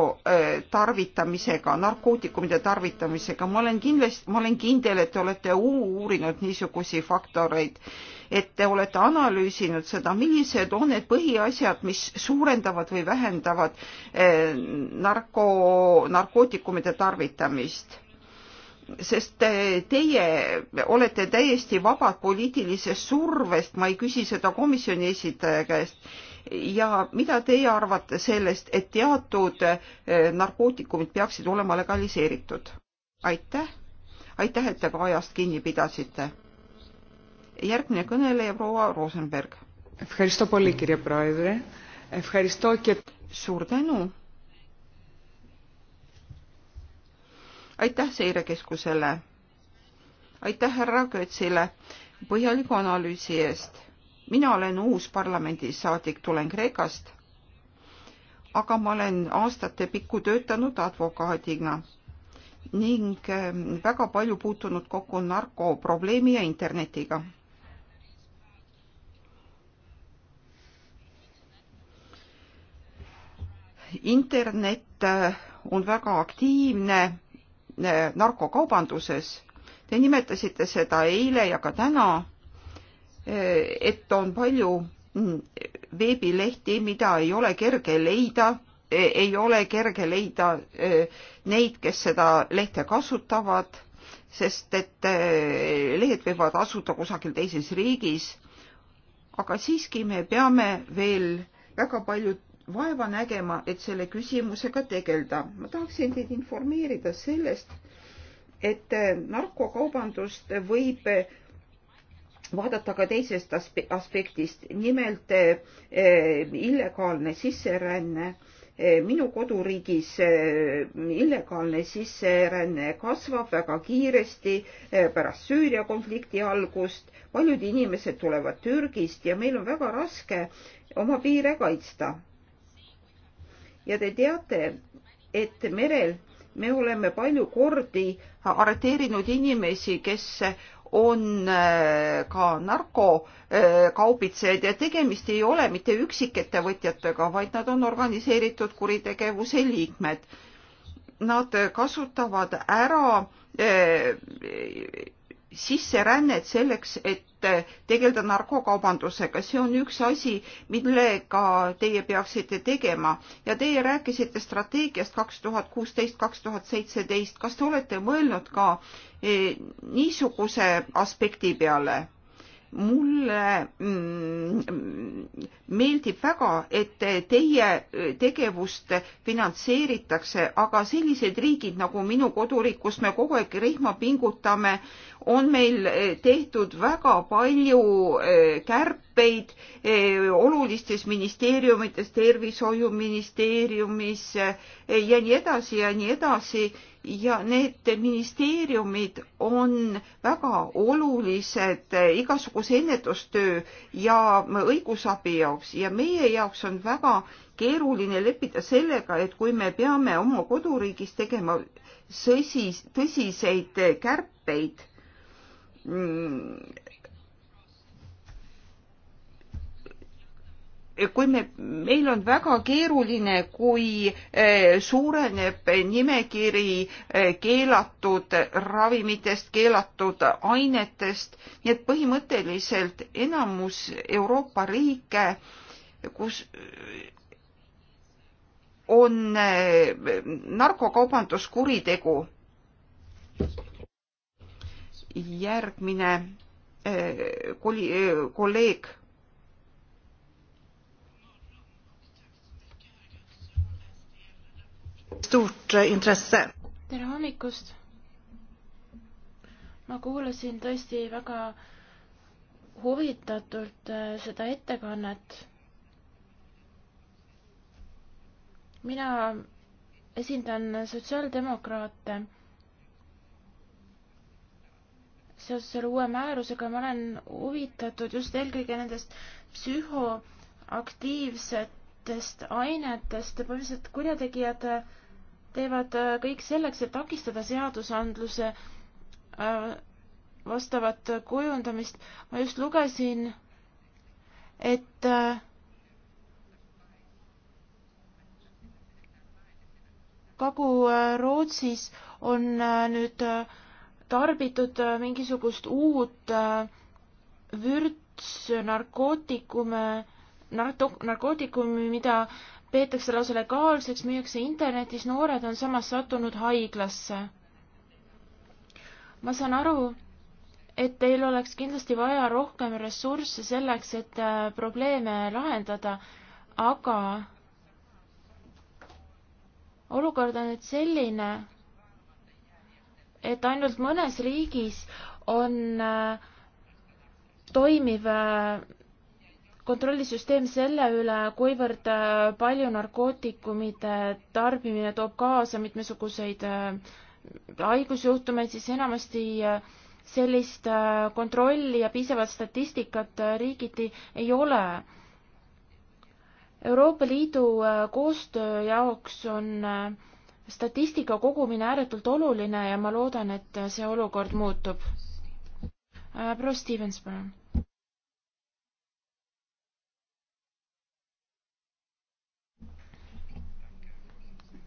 tarvitamisega, narkootikumide tarvitamisega, ma olen kindlasti, ma olen kindel, et te olete uurinud niisuguseid faktoreid et te olete analüüsinud seda, millised on need põhiasjad, mis suurendavad või vähendavad eh, narko, narkootikumide tarvitamist sest eh, teie olete täiesti vabad poliitilisest survest, ma ei küsi seda komisjoni esindaja käest. ja mida teie arvate sellest, et teatud eh, narkootikumid peaksid olema legaliseeritud? aitäh, aitäh, et te ka ajast kinni pidasite järgmine kõneleja, proua Rosenberg. suur tänu. aitäh seirekeskusele. aitäh härra Kötsile põhjaliku analüüsi eest. mina olen uus parlamendisaadik, tulen Kreekast. aga ma olen aastate pikku töötanud advokaadina ning eh, väga palju puutunud kokku narkoprobleemi ja internetiga internet äh, on väga aktiivne äh, narkokaubanduses. Te nimetasite seda eile ja ka täna, äh, et on palju mm, veebilehti, mida ei ole kerge leida, ei ole kerge leida neid, kes seda lehte kasutavad, sest et lehed võivad asuda kusagil teises riigis. aga siiski me peame veel väga palju vaeva nägema, et selle küsimusega tegeleda. ma tahaksin teid informeerida sellest, et äh, narkokaubandust võib äh, vaadata ka teisest aspektist, nimelt äh, illegaalne sisseränne. minu koduriigis illegaalne sisseränne kasvab väga kiiresti pärast Süüria konflikti algust. paljud inimesed tulevad Türgist ja meil on väga raske oma piire kaitsta ja te teate, et merel me oleme palju kordi arreteerinud inimesi, kes on äh, ka narkokaubitsejad äh, ja tegemist ei ole mitte üksikettevõtjatega, vaid nad on organiseeritud kuritegevuse liikmed. Nad kasutavad ära äh, sisserännet selleks, et äh, tegeleda narkokaubandusega, see on üks asi, millega teie peaksite tegema ja teie rääkisite strateegiast kaks tuhat kuusteist, kaks tuhat seitseteist, kas te olete mõelnud ka niisuguse aspekti peale? mulle mm, meeldib väga, et teie tegevust finantseeritakse, aga sellised riigid nagu minu koduriik, kus me kogu aeg rihma pingutame, on meil tehtud väga palju eh, kärpeid eh, olulistes ministeeriumites, tervishoiuministeeriumis eh, ja nii edasi ja nii edasi ja need ministeeriumid on väga olulised igasuguse ennetustöö ja õigusabi jaoks ja meie jaoks on väga keeruline leppida sellega, et kui me peame oma koduriigis tegema sõsis, tõsiseid kärpeid, mm, kui me, meil on väga keeruline, kui eh, suureneb nimekiri eh, keelatud ravimitest, keelatud ainetest, nii et põhimõtteliselt enamus Euroopa riike, kus eh, on narkokaubanduskuritegu. järgmine kolleeg Eh, tere hommikust! ma kuulasin tõesti väga huvitatult eh, seda ettekannet. mina esindan sotsiaaldemokraate seoses selle uue määrusega ma olen huvitatud just eelkõige nendest psühhoaktiivsetest ainetest, põhimõtteliselt kurjategijad teevad äh, kõik selleks, et takistada seadusandluse äh, vastavat kujundamist. ma just lugesin, et äh, Kagu-Rootsis on nüüd tarbitud mingisugust uut vürtsnarkootikume narko,, narkootikumi, mida peetakse lausa legaalseks, müüakse internetis, noored on samas sattunud haiglasse. ma saan aru, et teil oleks kindlasti vaja rohkem ressursse selleks, et äh, probleeme lahendada, aga olukord on nüüd selline, et ainult mõnes riigis on äh, toimiv äh, kontrollisüsteem selle üle, kuivõrd äh, palju narkootikumide tarbimine toob kaasa mitmesuguseid äh, haigusjuhtumeid, siis enamasti äh, sellist kontrolli ja piisavat statistikat riigiti ei ole. Euroopa Liidu koostöö jaoks on statistika kogumine ääretult oluline ja ma loodan, et see olukord muutub. proua Stevens, palun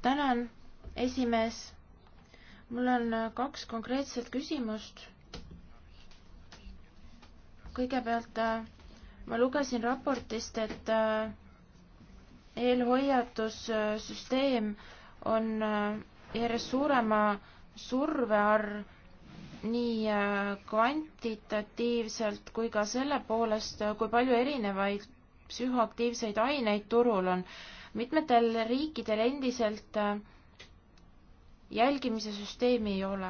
tänan, esimees. mul on äh, kaks konkreetset küsimust. kõigepealt äh, ma lugesin raportist, et äh, eelhoiatussüsteem on järjest suurema surve all nii kvantitatiivselt kui ka selle poolest, kui palju erinevaid psühhoaktiivseid aineid turul on mitmetel riikidel endiselt äh, jälgimise süsteemi ei ole.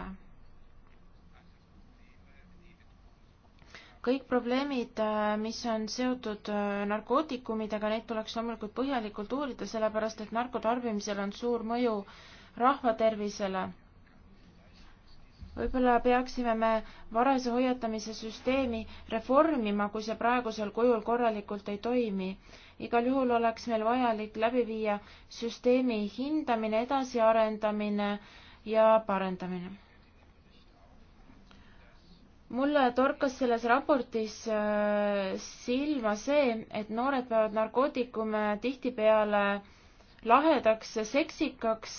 kõik probleemid, äh, mis on seotud äh, narkootikumidega, neid tuleks loomulikult põhjalikult uurida, sellepärast et narkotarbimisel on suur mõju rahvatervisele võib-olla peaksime me varase hoiatamise süsteemi reformima, kui see praegusel kujul korralikult ei toimi. igal juhul oleks meil vajalik läbi viia süsteemi hindamine, edasiarendamine ja parendamine. mulle torkas selles raportis äh, silma see, et noored peavad narkootikume tihtipeale lahedaks seksikaks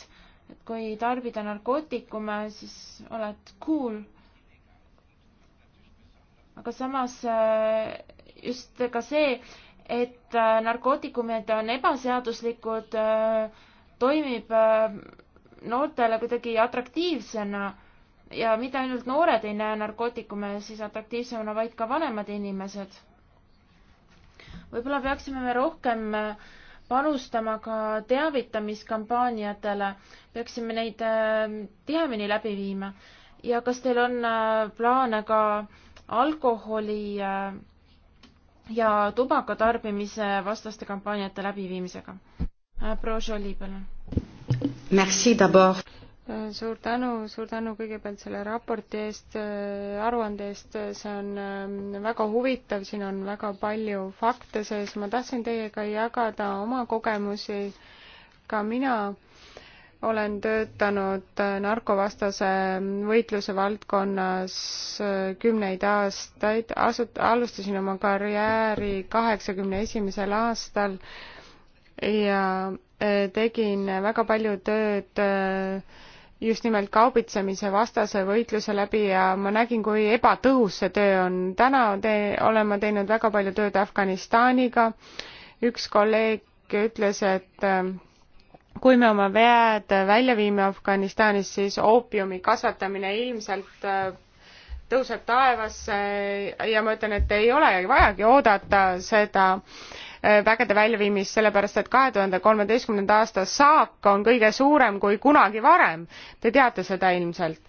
et kui tarbida narkootikume, siis oled cool. aga samas äh, just ka see, et äh, narkootikumid on ebaseaduslikud, äh, toimib noortele kuidagi atraktiivsena ja mitte ainult noored ei näe narkootikume siis atraktiivsemana, vaid ka vanemad inimesed. võib-olla peaksime me rohkem äh, panustama ka teavitamiskampaaniatele, peaksime neid äh, tihemini läbi viima. ja kas teil on äh, plaane ka alkoholi äh, ja tubaka tarbimise vastaste kampaaniate läbiviimisega? proua Jolie, palun suur tänu, suur tänu kõigepealt selle raporti eest, aruande eest, see on ähm, väga huvitav, siin on väga palju fakte sees, ma tahtsin teiega jagada oma kogemusi. ka mina olen töötanud äh, narkovastase ähm, võitluse valdkonnas äh, kümneid aastaid, asut-, alustasin oma karjääri kaheksakümne esimesel aastal ja äh, tegin väga palju tööd äh, just nimelt kaubitsemise vastase võitluse läbi ja ma nägin, kui ebatõhus see töö on. täna te, olen ma teinud väga palju tööd Afganistaniga. üks kolleeg ütles, et äh, kui me oma väed välja viime Afganistanis, siis oopiumi kasvatamine ilmselt äh, tõuseb taevasse ja ma ütlen, et ei olegi vajagi oodata seda äh, Äh, vägede väljaviimist sellepärast et 2013 aasta saak on kõige suurem kui kunagi varem te teate seda ilmselt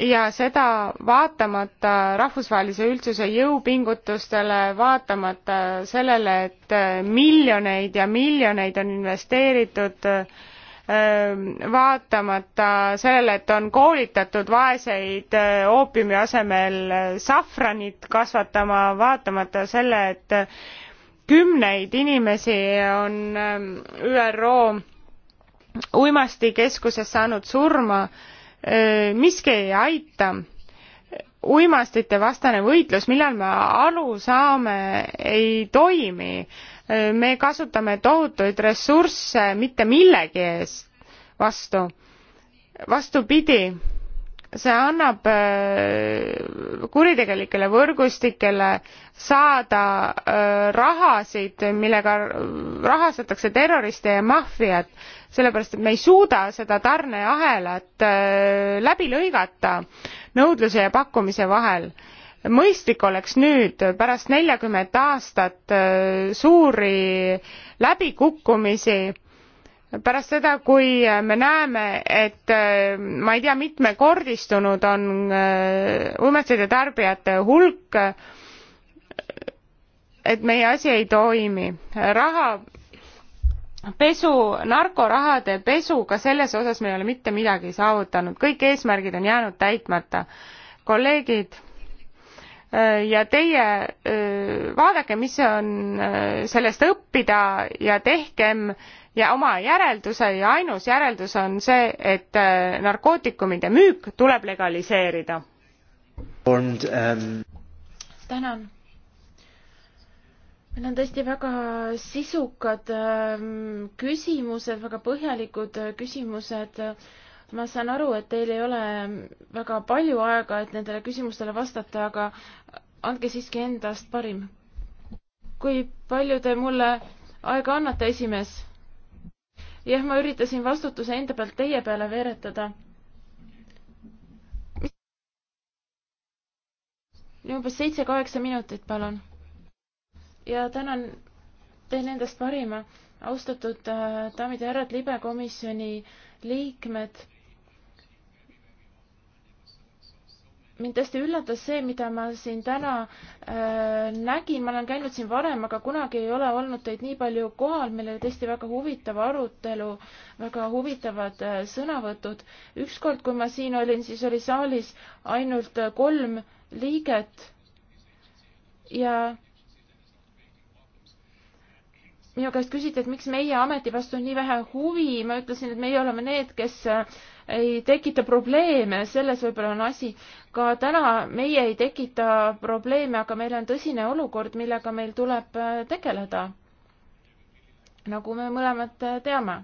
ja seda vaatamata rahvusvahelise üldsuse jõupingutustele vaatamata sellele et äh, miljoneid ja miljoneid on investeeritud äh, vaatamata sellele et on koolitatud vaeseid oopiumi asemel safranit kasvatama vaatamata selle et kümneid inimesi on ähm, ÜRO uimastikeskuses saanud surma, äh, miski ei aita. uimastite vastane võitlus, millal me aru saame, ei toimi. Äh, me kasutame tohutuid ressursse mitte millegi eest vastu. vastupidi see annab äh, kuritegelikele võrgustikele saada äh, rahasid, millega rahastatakse terroriste ja maffiat, sellepärast et me ei suuda seda tarneahelat äh, läbi lõigata nõudluse ja pakkumise vahel mõistlik oleks nüüd pärast neljakümmet aastat suuri läbikukkumisi pärast seda, kui me näeme, et äh, ma ei tea, mitmekordistunud on äh, uimastite tarbijate hulk, et meie asi ei toimi. rahapesu, narkorahade pesu, ka selles osas me ei ole mitte midagi saavutanud, kõik eesmärgid on jäänud täitmata. kolleegid äh, ja teie vaadake, mis on sellest õppida ja tehkem ja oma järelduse ja ainus järeldus on see, et äh, narkootikumide müük tuleb legaliseerida. Um... tänan. meil on tõesti väga sisukad ähm, küsimused, väga põhjalikud äh, küsimused. ma saan aru, et teil ei ole väga palju aega, et nendele küsimustele vastata, aga andke siiski endast parim. kui palju te mulle aega annate, esimees? jah, ma üritasin vastutuse enda pealt teie peale veeretada. umbes seitse-kaheksa minutit, palun. ja tänan teen endast parima. austatud äh, daamid ja härrad, libekomisjoni liikmed, mind tõesti üllatas see, mida ma siin täna äh, nägin, ma olen käinud siin varem, aga kunagi ei ole olnud teid nii palju kohal, meil oli tõesti väga huvitav arutelu, väga huvitavad äh, sõnavõtud. ükskord, kui ma siin olin, siis oli saalis ainult äh, kolm liiget ja minu käest küsiti, et miks meie ameti vastu on nii vähe huvi, ma ütlesin, et meie oleme need, kes äh, ei tekita probleeme, selles võib-olla on asi ka täna meie ei tekita probleeme, aga meil on tõsine olukord, millega meil tuleb äh, tegeleda. nagu me mõlemad äh, teame.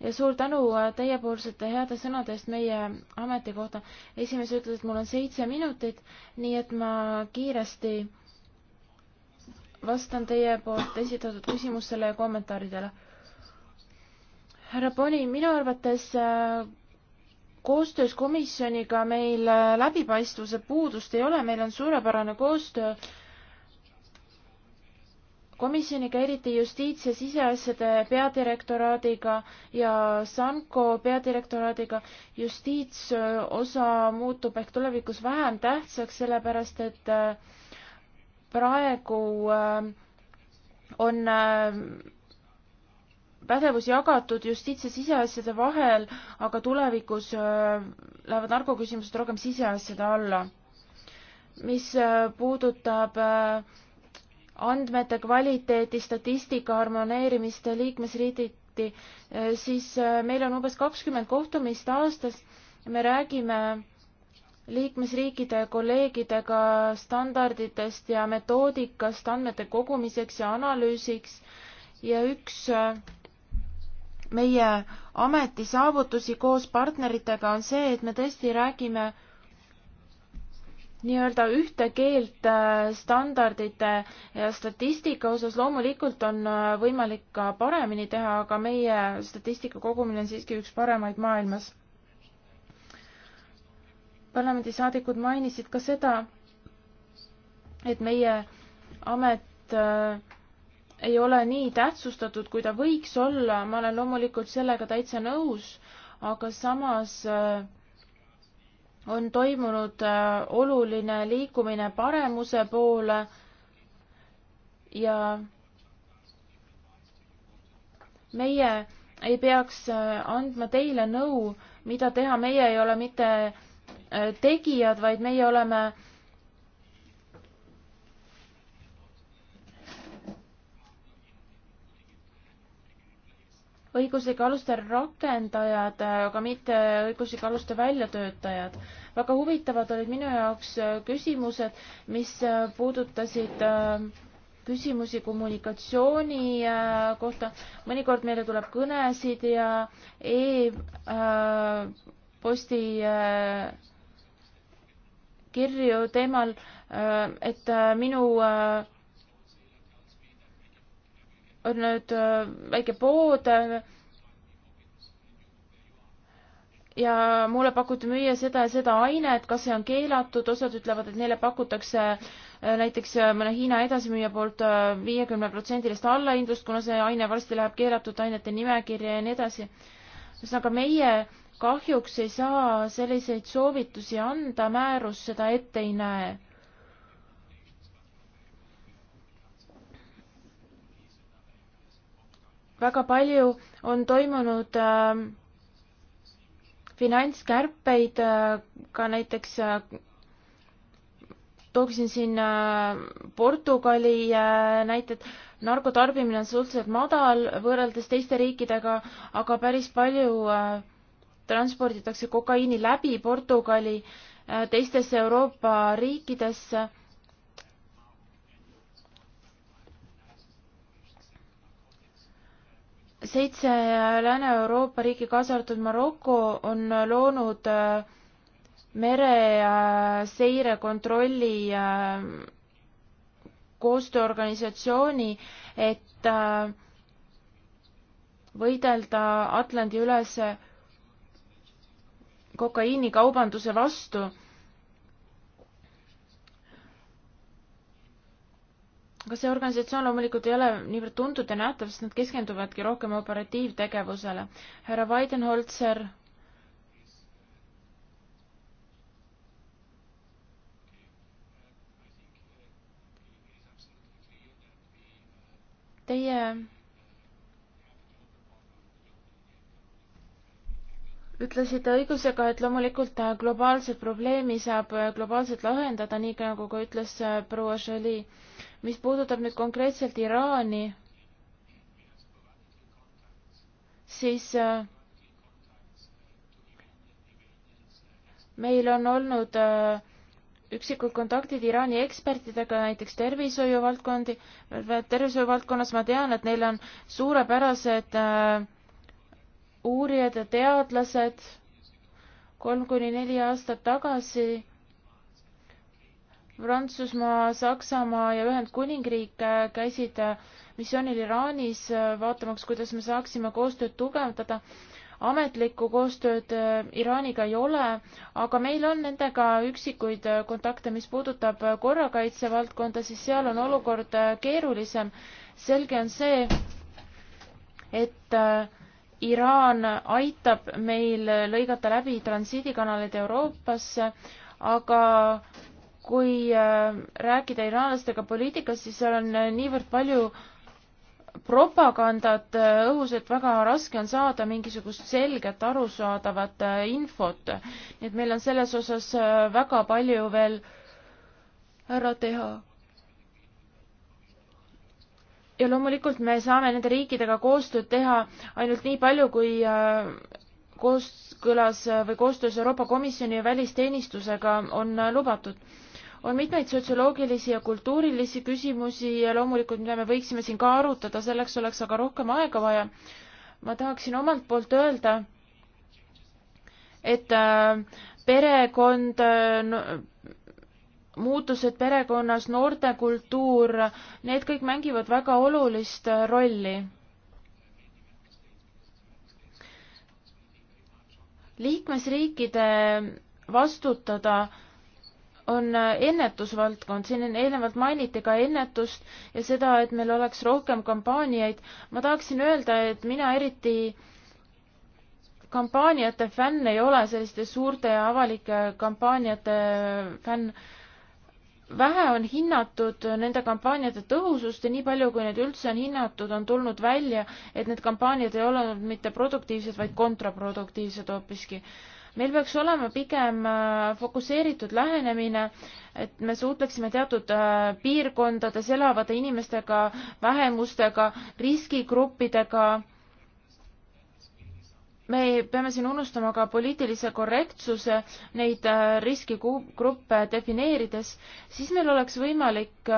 ja suur tänu äh, teiepoolsete heade sõnade eest meie ameti kohta. esimees ütles, et mul on seitse minutit, nii et ma kiiresti vastan teie poolt esitatud küsimustele ja kommentaaridele. härra Boni, minu arvates koostöös komisjoniga meil äh, läbipaistvuse puudust ei ole, meil on suurepärane koostöö komisjoniga, eriti justiits- ja siseasjade peadirektoraadiga ja Sanko peadirektoraadiga. justiitsosa äh, muutub ehk tulevikus vähem tähtsaks, sellepärast et äh, praegu on pädevus jagatud justiits- ja siseasjade vahel, aga tulevikus äh, lähevad narkoküsimused rohkem siseasjade alla. mis äh, puudutab äh, andmete kvaliteeti, statistika harmoneerimist liikmesriigiti, siis meil on umbes kakskümmend kohtumist aastas ja me räägime liikmesriikide kolleegidega standarditest ja metoodikast andmete kogumiseks ja analüüsiks ja üks meie ameti saavutusi koos partneritega on see, et me tõesti räägime nii-öelda ühte keelt äh, standardite ja statistika osas loomulikult on äh, võimalik ka paremini teha, aga meie statistika kogumine on siiski üks paremaid maailmas. parlamendisaadikud mainisid ka seda, et meie amet äh, ei ole nii tähtsustatud, kui ta võiks olla, ma olen loomulikult sellega täitsa nõus, aga samas äh, on toimunud äh, oluline liikumine paremuse poole ja meie ei peaks äh, andma teile nõu, mida teha, meie ei ole mitte tegijad, vaid meie oleme äh, õiguslike aluste rakendajad, aga mitte õiguslike aluste väljatöötajad. väga huvitavad olid minu jaoks küsimused, mis puudutasid äh, küsimusi kommunikatsiooni äh, kohta. mõnikord meile tuleb kõnesid ja e-posti äh, kirju teemal, et minu äh, on nüüd äh, väike pood äh, ja mulle pakuti müüa seda ja seda ainet, kas see on keelatud, osad ütlevad, et neile pakutakse äh, näiteks mõne Hiina edasimüüja poolt viiekümneprotsendilist allahindlust, alla indust, kuna see aine varsti läheb keelatud ainete nimekirja ja nii edasi. ühesõnaga meie kahjuks ei saa selliseid soovitusi anda, määrus seda ette ei näe väga palju on toimunud äh, finantskärpeid äh, ka näiteks äh, tooksin siin äh, Portugali äh, näited, narkotarbimine on suhteliselt madal võrreldes teiste riikidega, aga päris palju äh, transporditakse kokaiini läbi Portugali äh, teistesse Euroopa riikidesse äh, seitse Lääne-Euroopa riiki, kaasa arvatud Maroko, on loonud äh, mereseirekontrolli äh, koostööorganisatsiooni, et äh, võidelda Atlandi-ülese kokaiinikaubanduse vastu aga see organisatsioon loomulikult ei ole niivõrd tuntud ja nähtav, sest nad keskenduvadki rohkem operatiivtegevusele. härra Weidenholzer. Teie ütlesite õigusega, et loomulikult globaalset probleemi saab globaalselt lahendada, nii nagu ka ütles äh, proua Jolie mis puudutab nüüd konkreetselt Iraani, siis äh, meil on olnud äh, üksikud kontaktid Iraani ekspertidega, näiteks tervishoiuvaldkondi, tervishoiuvaldkonnas ma tean, et neil on suurepärased äh, uurijad ja teadlased. kolm kuni neli aastat tagasi Prantsusmaa, Saksamaa ja Ühendkuningriik käisid missioonil Iraanis äh, vaatamaks, kuidas me saaksime koostööd tugevdada. ametlikku koostööd äh, Iraaniga ei ole, aga meil on nendega üksikuid äh, kontakte, mis puudutab korrakaitsevaldkonda, siis seal on olukord keerulisem. selge on see, et Iraan aitab meil lõigata läbi transiidikanaleid Euroopasse, aga kui äh, rääkida iraanlastega poliitikast, siis seal on äh, niivõrd palju propagandat äh, õhus, et väga raske on saada mingisugust selget arusaadavat infot. nii et meil on selles osas väga palju veel ära teha. ja loomulikult me saame nende riikidega koostööd teha ainult nii palju, kui kooskõlas või koostöös Euroopa Komisjoni ja välisteenistusega on lubatud on mitmeid sotsioloogilisi ja kultuurilisi küsimusi ja loomulikult, mida me võiksime siin ka arutada, selleks oleks aga rohkem aega vaja. ma tahaksin omalt poolt öelda, et äh, perekond, äh, muutused perekonnas, noortekultuur, need kõik mängivad väga olulist äh, rolli liikmesriikide vastutada on äh, ennetusvaldkond, siin eelnevalt mainiti ka ennetust ja seda, et meil oleks rohkem kampaaniaid. ma tahaksin öelda, et mina eriti kampaaniate fänn ei ole, selliste suurte ja avalike kampaaniate fänn. vähe on hinnatud nende kampaaniate tõhusust ja nii palju, kui neid üldse on hinnatud, on tulnud välja, et need kampaaniad ei ole mitte produktiivsed, vaid kontraproduktiivsed hoopiski meil peaks olema pigem äh, fokusseeritud lähenemine, et me suutleksime teatud äh, piirkondades elavate inimestega, vähemustega, riskigruppidega me peame siin unustama ka poliitilise korrektsuse neid äh, riskigruppe defineerides, siis meil oleks võimalik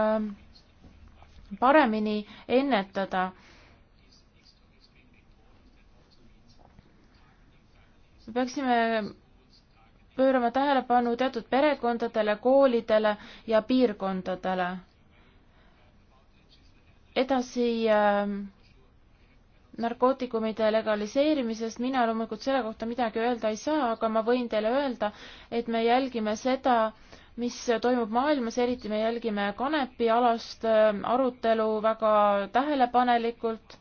paremini ennetada me peaksime pöörama tähelepanu teatud perekondadele, koolidele ja piirkondadele. edasi äh, narkootikumide legaliseerimisest, mina loomulikult selle kohta midagi öelda ei saa, aga ma võin teile öelda, et me jälgime seda, mis toimub maailmas, eriti me jälgime kanepialast ähm, arutelu väga tähelepanelikult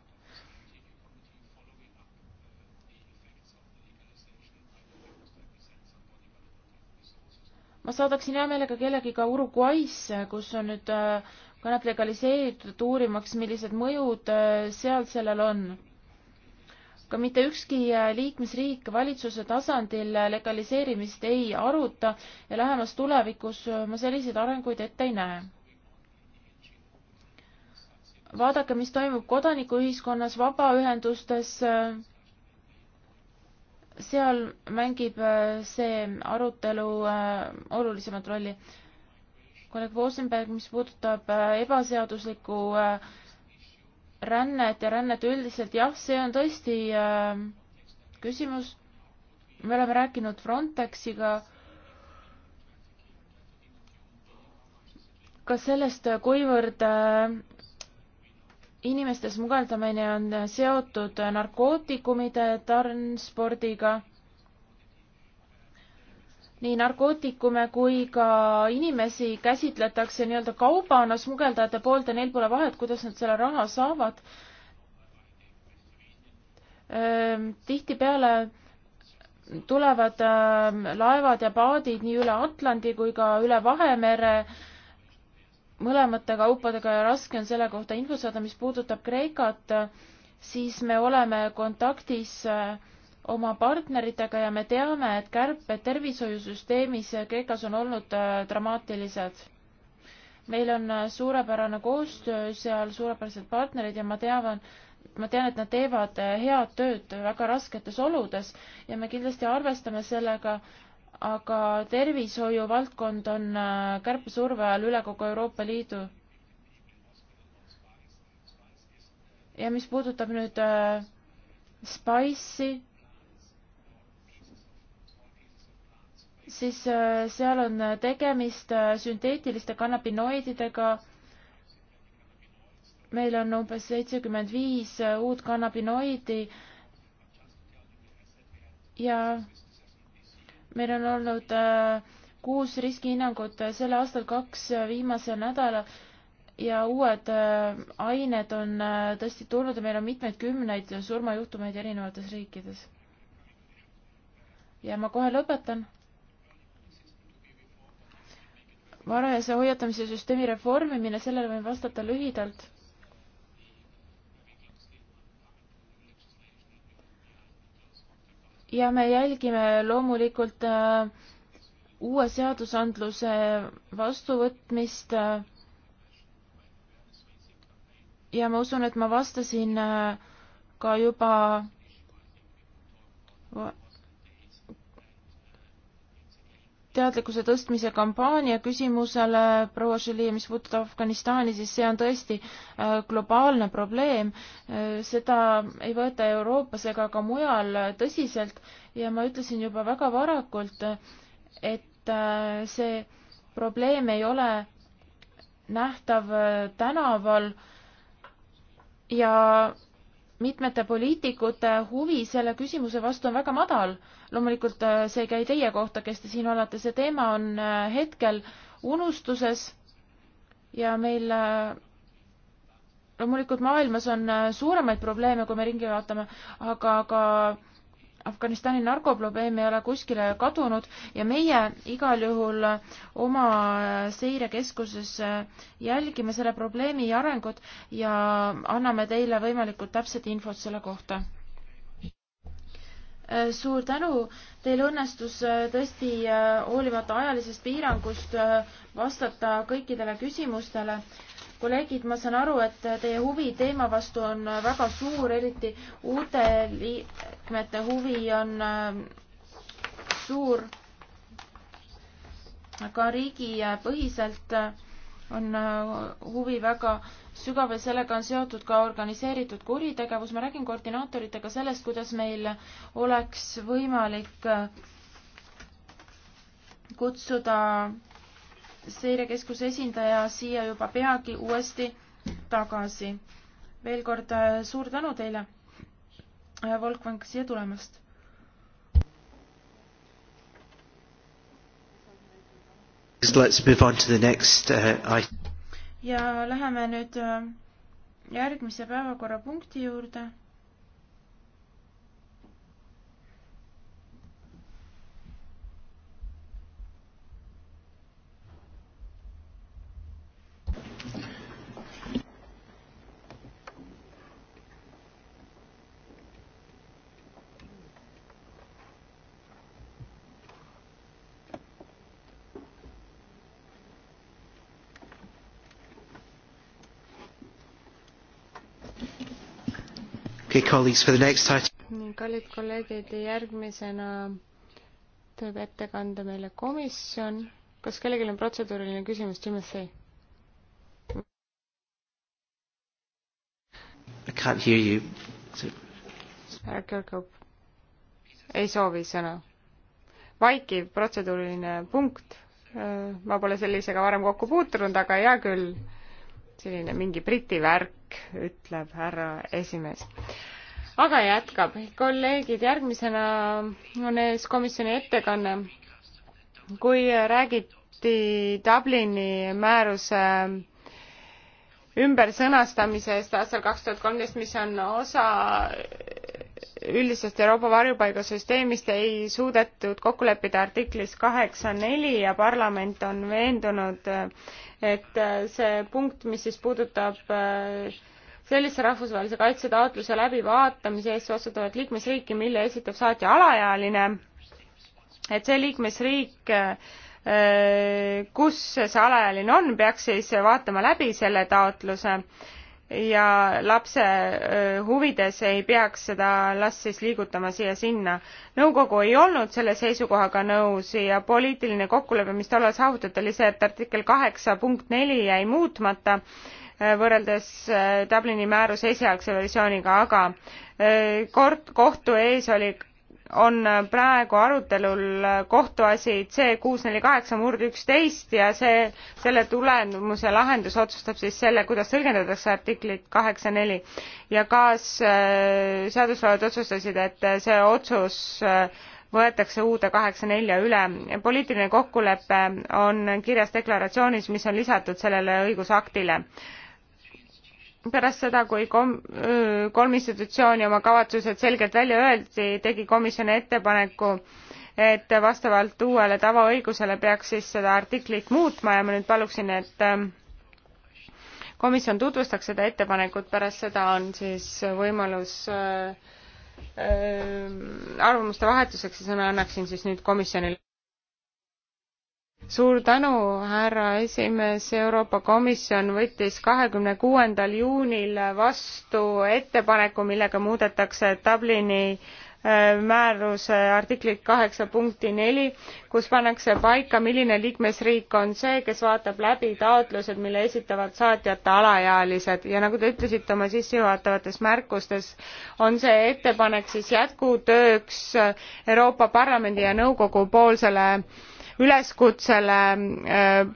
ma saadaksin hea meelega kellegi ka Uruguay'sse, kus on nüüd äh, kanep legaliseeritud, uurimaks, millised mõjud äh, seal sellel on. ka mitte ükski äh, liikmesriik valitsuse tasandil legaliseerimist ei aruta ja lähemas tulevikus ma selliseid arenguid ette ei näe. vaadake, mis toimub kodanikuühiskonnas, vabaühendustes seal mängib äh, see arutelu äh, olulisemat rolli. kolleeg Vosenberg, mis puudutab äh, ebaseaduslikku rännet ja rännet üldiselt, jah, see on tõesti küsimus. me oleme rääkinud Frontexiga ka sellest, kuivõrd inimeste smugeldamine on seotud narkootikumide transpordiga, nii narkootikume kui ka inimesi käsitletakse nii-öelda kaubana smugeldajate poolt ja neil pole vahet, kuidas nad selle raha saavad. Ehm, tihtipeale tulevad ehm, laevad ja paadid nii üle Atlandi kui ka üle Vahemere mõlemate kaupadega ja raske on selle kohta infot saada, mis puudutab Kreekat, siis me oleme kontaktis äh, oma partneritega ja me teame, et kärped tervishoiusüsteemis Kreekas on olnud äh, dramaatilised. meil on äh, suurepärane koostöö seal, suurepärased partnerid ja ma tean, ma tean, et nad teevad head tööd väga rasketes oludes ja me kindlasti arvestame sellega, aga tervishoiu valdkond on äh, kärpesurve all üle kogu Euroopa Liidu. ja mis puudutab nüüd äh, Spice'i, siis äh, seal on tegemist äh, sünteetiliste kannabinoididega. meil on umbes seitsekümmend viis äh, uut kannabinoidi ja meil on olnud äh, kuus riskihinnangut äh, sel aastal, kaks äh, viimasel nädalal ja uued ained on tõesti tulnud ja meil on mitmeid kümneid surmajuhtumeid erinevates riikides. ja ma kohe lõpetan. varajase hoiatamise süsteemi reformimine, sellele võin vastata lühidalt ja me jälgime loomulikult äh, uue seadusandluse vastuvõtmist. Äh, ja ma usun, et ma vastasin äh, ka juba teadlikkuse tõstmise kampaania küsimusele, proua Želie, mis puudutab Afganistani, siis see on tõesti äh, globaalne probleem. Äh, seda ei võeta Euroopas ega ka mujal tõsiselt ja ma ütlesin juba väga varakult, et äh, see probleem ei ole nähtav tänaval ja mitmete poliitikute huvi selle küsimuse vastu on väga madal. loomulikult äh, see ei käi teie kohta, kes te siin olete, see teema on äh, hetkel unustuses ja meil äh, loomulikult maailmas on suuremaid probleeme, kui me ringi vaatame, aga, aga Afganistani narkoprobleem ei ole kuskile kadunud ja meie igal juhul oma seirekeskuses jälgime selle probleemi arengut ja anname teile võimalikult täpset infot selle kohta. suur tänu, teil õnnestus tõesti hoolimata ajalisest piirangust vastata kõikidele küsimustele kolleegid, ma saan aru, et teie huvi teema vastu on väga suur, eriti uute liikmete huvi on äh, suur. ka riigipõhiselt äh, on äh, huvi väga sügav ja sellega on seotud ka organiseeritud kuritegevus. ma räägin koordinaatoritega sellest, kuidas meil oleks võimalik kutsuda seirekeskuse esindaja siia juba peagi uuesti tagasi. veel kord äh, suur tänu teile, Volkvang, äh, siia tulemast. Uh, ja läheme nüüd äh, järgmise päevakorrapunkti juurde Okay, colleagues, for the next item. kallid kolleegid, järgmisena teeb ettekande meile komisjon. kas kellelgi on protseduuriline küsimus, Timothy? I can't hear you. härra Kirkup ei soovi sõna. vaikiv protseduuriline punkt. Äh, ma pole sellisega varem kokku puutunud, aga hea küll selline mingi Briti värk, ütleb härra esimees. aga jätkab, kolleegid, järgmisena on ees komisjoni ettekanne. kui räägiti Dublini määruse ümbersõnastamisest aastal kaks tuhat kolmteist, mis on osa üldisest Euroopa varjupaigasüsteemist ei suudetud kokku leppida artiklis kaheksa neli ja parlament on veendunud, et see punkt, mis siis puudutab äh, sellise rahvusvahelise kaitse taotluse läbivaatamise eest vastutavat liikmesriiki, mille esitab saatja alaealine, et see liikmesriik, äh, kus see alaealine on, peaks siis vaatama läbi selle taotluse ja lapse huvides ei peaks seda last siis liigutama siia-sinna. nõukogu ei olnud selle seisukohaga nõus ja poliitiline kokkulepe, mis tollal saavutati, oli see, et artikkel kaheksa punkt neli jäi muutmata võrreldes Dublini määruse esialgse versiooniga, aga kord kohtu ees oli on praegu arutelul kohtuasi C kuus neli kaheksa murd üksteist ja see, selle tulemuse lahendus otsustab siis selle, kuidas tõlgendatakse artiklit kaheksa neli. ja kas äh, seadusloojad otsustasid, et see otsus äh, võetakse uude kaheksa nelja üle. poliitiline kokkulepe on kirjas deklaratsioonis, mis on lisatud sellele õigusaktile pärast seda, kui kom-, kolm institutsiooni oma kavatsused selgelt välja öeldi, tegi komisjon ettepaneku, et vastavalt uuele tavaõigusele peaks siis seda artiklit muutma ja ma nüüd paluksin, et komisjon tutvustaks seda ettepanekut, pärast seda on siis võimalus arvamuste vahetuseks ja sõna annaksin siis nüüd komisjonile suur tänu, härra esimees, Euroopa Komisjon võttis kahekümne kuuendal juunil vastu ettepaneku, millega muudetakse Dublini äh, määruse artiklit kaheksa punkti neli kus pannakse paika milline liikmesriik on see kes vaatab läbi taotlused mille esitavad saatjate alaealised ja nagu te ütlesite oma sissejuhatavates märkustes on see ettepanek siis jätkutööks euroopa parlamendi ja nõukogu poolsele üleskutsele äh,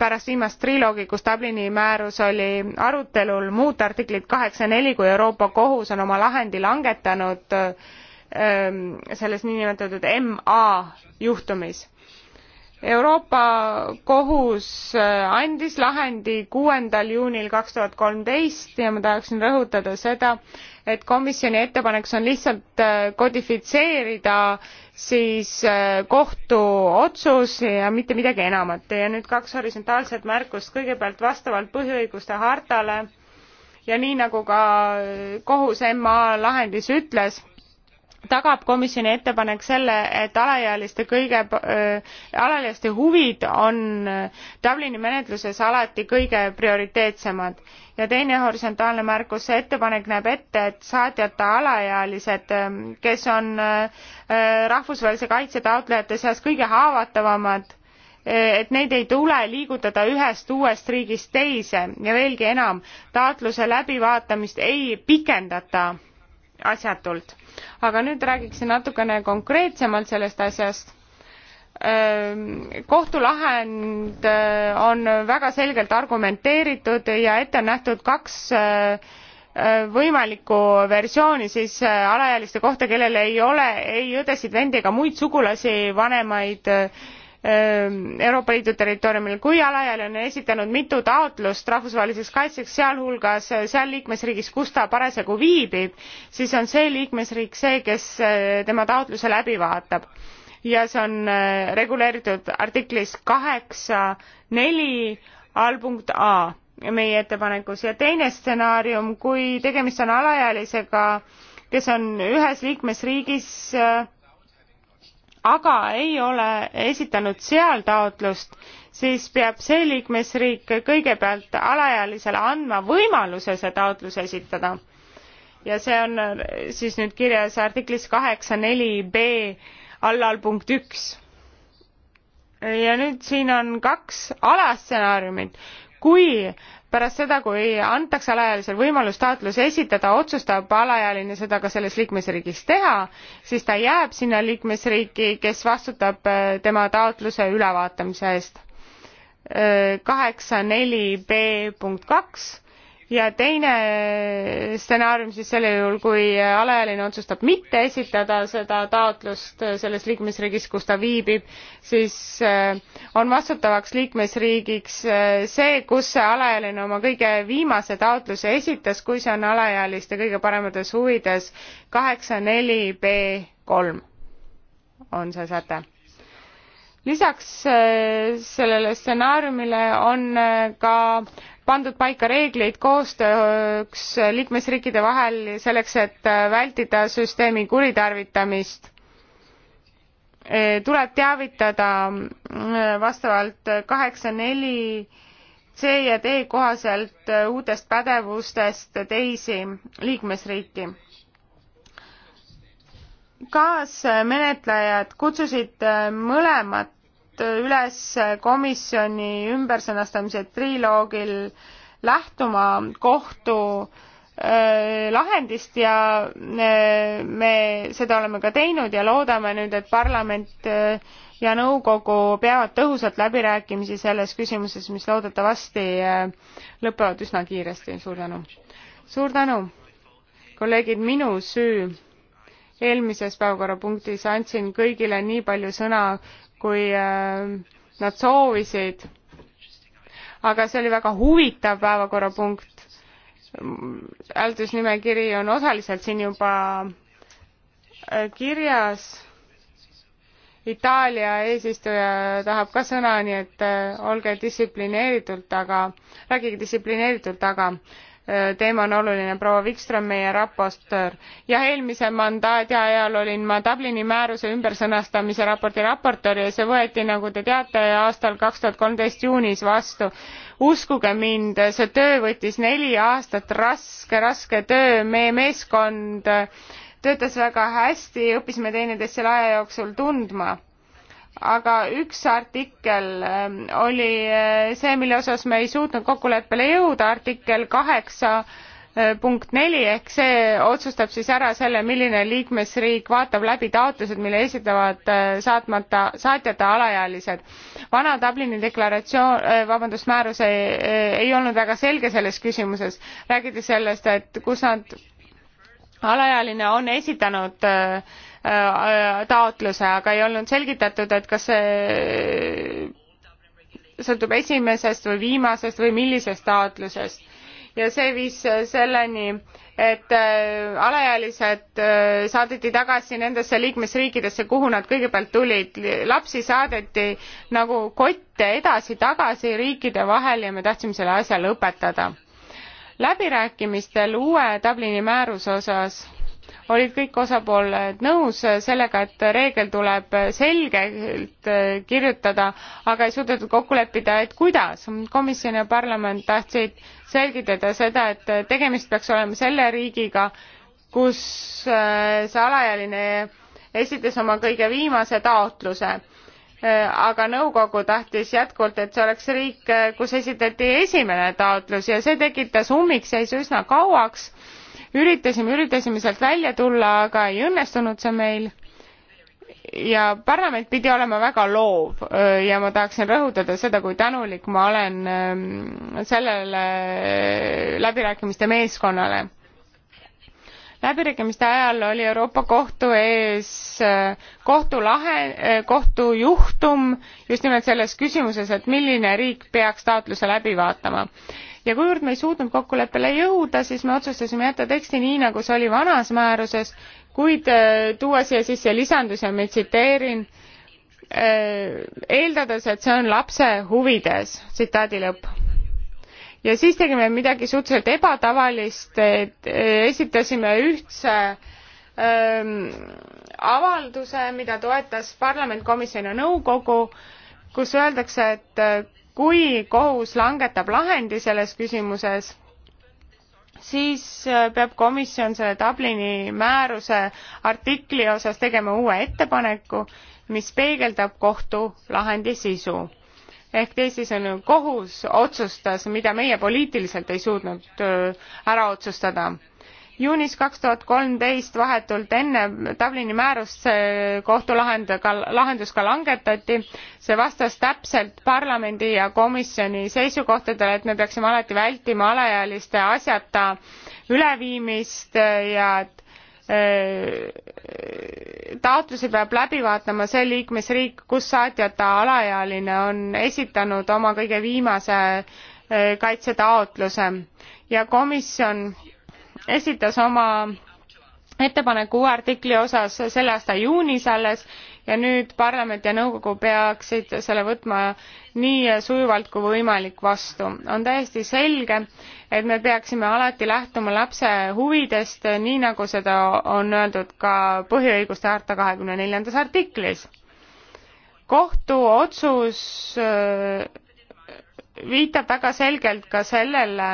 pärast viimast triloogi kus dublini määrus oli arutelul muuta artiklit 8 kui euroopa kohus on oma lahendi langetanud äh, selles niinimetatud ma juhtumis. Euroopa Kohus äh, andis lahendi kuuendal juunil kaks tuhat kolmteist ja ma tahaksin rõhutada seda, et komisjoni ettepaneks on lihtsalt äh, kodifitseerida siis äh, kohtuotsus ja mitte midagi enamat ja nüüd kaks horisontaalset märkust, kõigepealt vastavalt põhiõiguste hartale ja nii nagu ka kohus MA lahendis ütles tagab komisjoni ettepanek selle et alaealiste kõige äh, alaealiste huvid on äh, dublini menetluses alati kõige prioriteetsemad ja teine horisontaalne märkus see ettepanek näeb ette et saatjata alaealised ähm, kes on äh, rahvusvahelise kaitse taotlejate seas kõige haavatavamad äh, et neid ei tule liigutada ühest uuest riigist teise ja veelgi enam taotluse läbivaatamist ei pikendata asjatult. aga nüüd räägiksin natukene konkreetsemalt sellest asjast ehm, kohtulahend eh, on väga selgelt argumenteeritud ja ette on nähtud kaks eh, eh, võimalikku versiooni siis alaealiste kohta kellel ei ole ei õdesid vendi ega muid sugulasi vanemaid Ähm, Euroopa Liidu territooriumil, kui alaealine on esitanud mitu taotlust rahvusvaheliseks kaitseks, sealhulgas äh, seal liikmesriigis, kus ta parasjagu viibib, siis on see liikmesriik see, kes äh, tema taotluse läbi vaatab. ja see on äh, reguleeritud artiklis kaheksa neli allpunkt A meie ettepanekus ja teine stsenaarium, kui tegemist on alaealisega, kes on ühes liikmesriigis äh, aga ei ole esitanud seal taotlust, siis peab see liikmesriik kõigepealt alaealisele andma võimaluse see taotlus esitada. ja see on äh, siis nüüd kirjas artiklis kaheksa neli B allal punkt üks. ja nüüd siin on kaks alastsenaariumit. kui pärast seda, kui antakse alaealisel võimalus taotlus esitada, otsustab alaealine seda ka selles liikmesriigis teha, siis ta jääb sinna liikmesriiki, kes vastutab äh, tema taotluse ülevaatamise eest. Äh, kaheksa neli B punkt kaks ja teine stsenaarium siis sellel juhul, kui alaealine otsustab mitte esitada seda taotlust selles liikmesriigis, kus ta viibib, siis äh, on vastutavaks liikmesriigiks äh, see, kus see alaealine oma kõige viimase taotluse esitas, kui see on alaealiste kõige paremates huvides. kaheksa neli B kolm on see säte lisaks äh, sellele stsenaariumile on ka pandud paika reegleid koostööks liikmesriikide vahel selleks et äh, vältida süsteemi kuritarvitamist eh, tuleb teavitada mm, vastavalt kaheksa neli c ja d kohaselt äh, uutest pädevustest teisi liikmesriiki kaasmenetlejad kutsusid äh, mõlemat kutsunud üles komisjoni ümbersõnastamise triloogil lähtuma kohtu äh, lahendist ja äh, me seda oleme ka teinud ja loodame nüüd, et parlament äh, ja nõukogu peavad tõhusalt läbirääkimisi selles küsimuses, mis loodetavasti lõpevad üsna kiiresti. suur tänu. suur tänu. kolleegid, minu süü eelmises päevakorrapunktis andsin kõigile nii palju sõna, kui äh, nad soovisid. aga see oli väga huvitav päevakorrapunkt. hääldusnimekiri on osaliselt siin juba äh, kirjas. Itaalia eesistuja tahab ka sõna, nii et äh, olge distsiplineeritud, aga rääkige distsiplineeritult, aga teema on oluline proua wikström meie raportöör jah eelmise mandaadi ajal olin ma dublini määruse ümbersõnastamise raporti raportöör ja see võeti nagu te teate aastal 2013 juunis vastu uskuge mind see töö võttis neli aastat raske raske töö meie meeskond töötas väga hästi õppisime teineteist selle aja jooksul tundma aga üks artikkel ähm, oli äh, see, mille osas me ei suutnud kokkuleppele jõuda, artikkel kaheksa äh, punkt neli ehk see otsustab siis ära selle, milline liikmesriik vaatab läbi taotlused, mille esitavad äh, saatmata, saatjate alaealised. vana Dublini deklaratsioon, vabandust, määrus ei, ei olnud väga selge selles küsimuses, räägiti sellest, et kus nad alaealine on esitanud äh, Äh, taotluse, aga ei olnud selgitatud, et kas see sõltub esimesest või viimasest või millisest taotlusest. ja see viis selleni, et äh, alaealised äh, saadeti tagasi nendesse liikmesriikidesse, kuhu nad kõigepealt tulid. lapsi saadeti nagu kotte edasi-tagasi riikide vahel ja me tahtsime selle asja lõpetada. läbirääkimistel uue Dublini määruse osas olid kõik osapooled nõus sellega, et reegel tuleb selgelt äh, kirjutada, aga ei suudetud kokku leppida, et kuidas. komisjon ja parlament tahtsid selgitada seda, et tegemist peaks olema selle riigiga, kus äh, see alaealine esitas oma kõige viimase taotluse äh, aga nõukogu tahtis jätkuvalt, et see oleks riik, kus esitati esimene taotlus ja see tekitas ummikseisu üsna kauaks üritasime, üritasime sealt välja tulla, aga ei õnnestunud see meil. ja parlament pidi olema väga loov äh, ja ma tahaksin rõhutada seda, kui tänulik ma olen ähm, sellele läbirääkimiste meeskonnale läbirääkimiste ajal oli euroopa kohtu ees kohtulahe äh, kohtujuhtum äh, just nimelt selles küsimuses et milline riik peaks taotluse läbi vaatama ja kuivõrd me ei suutnud kokkuleppele jõuda, siis me otsustasime jätta teksti nii, nagu see oli vanas määruses, kuid äh, tuua siia sisse lisandus ja ma tsiteerin, äh, eeldades, et see on lapse huvides, tsitaadi lõpp. ja siis tegime midagi suhteliselt ebatavalist, et äh, esitasime ühtse ähm, avalduse, mida toetas parlament, komisjon ja nõukogu, kus öeldakse, et kui kohus langetab lahendi selles küsimuses, siis äh, peab komisjon selle Dublini määruse artikli osas tegema uue ettepaneku, mis peegeldab kohtu lahendi sisu. ehk teisisõnu, kohus otsustas, mida meie poliitiliselt ei suutnud äh, ära otsustada juunis kaks tuhat kolmteist vahetult enne dublini määrust see kohtulahend ka lahendus ka langetati see vastas täpselt parlamendi ja komisjoni seisukohtadele et me peaksime alati vältima alaealiste asjata üleviimist ja et äh, taotluse peab läbi vaatama see liikmesriik kus saatjata alaealine on esitanud oma kõige viimase äh, kaitsetaotluse ja komisjon esitas oma ettepaneku uue artikli osas selle aasta juunis alles ja nüüd parlament ja nõukogu peaksid selle võtma nii sujuvalt kui võimalik vastu. on täiesti selge et me peaksime alati lähtuma lapse huvidest nii nagu seda on öeldud ka põhiõiguste harta 24 artiklis. kohtuotsus äh, viitab väga selgelt ka sellele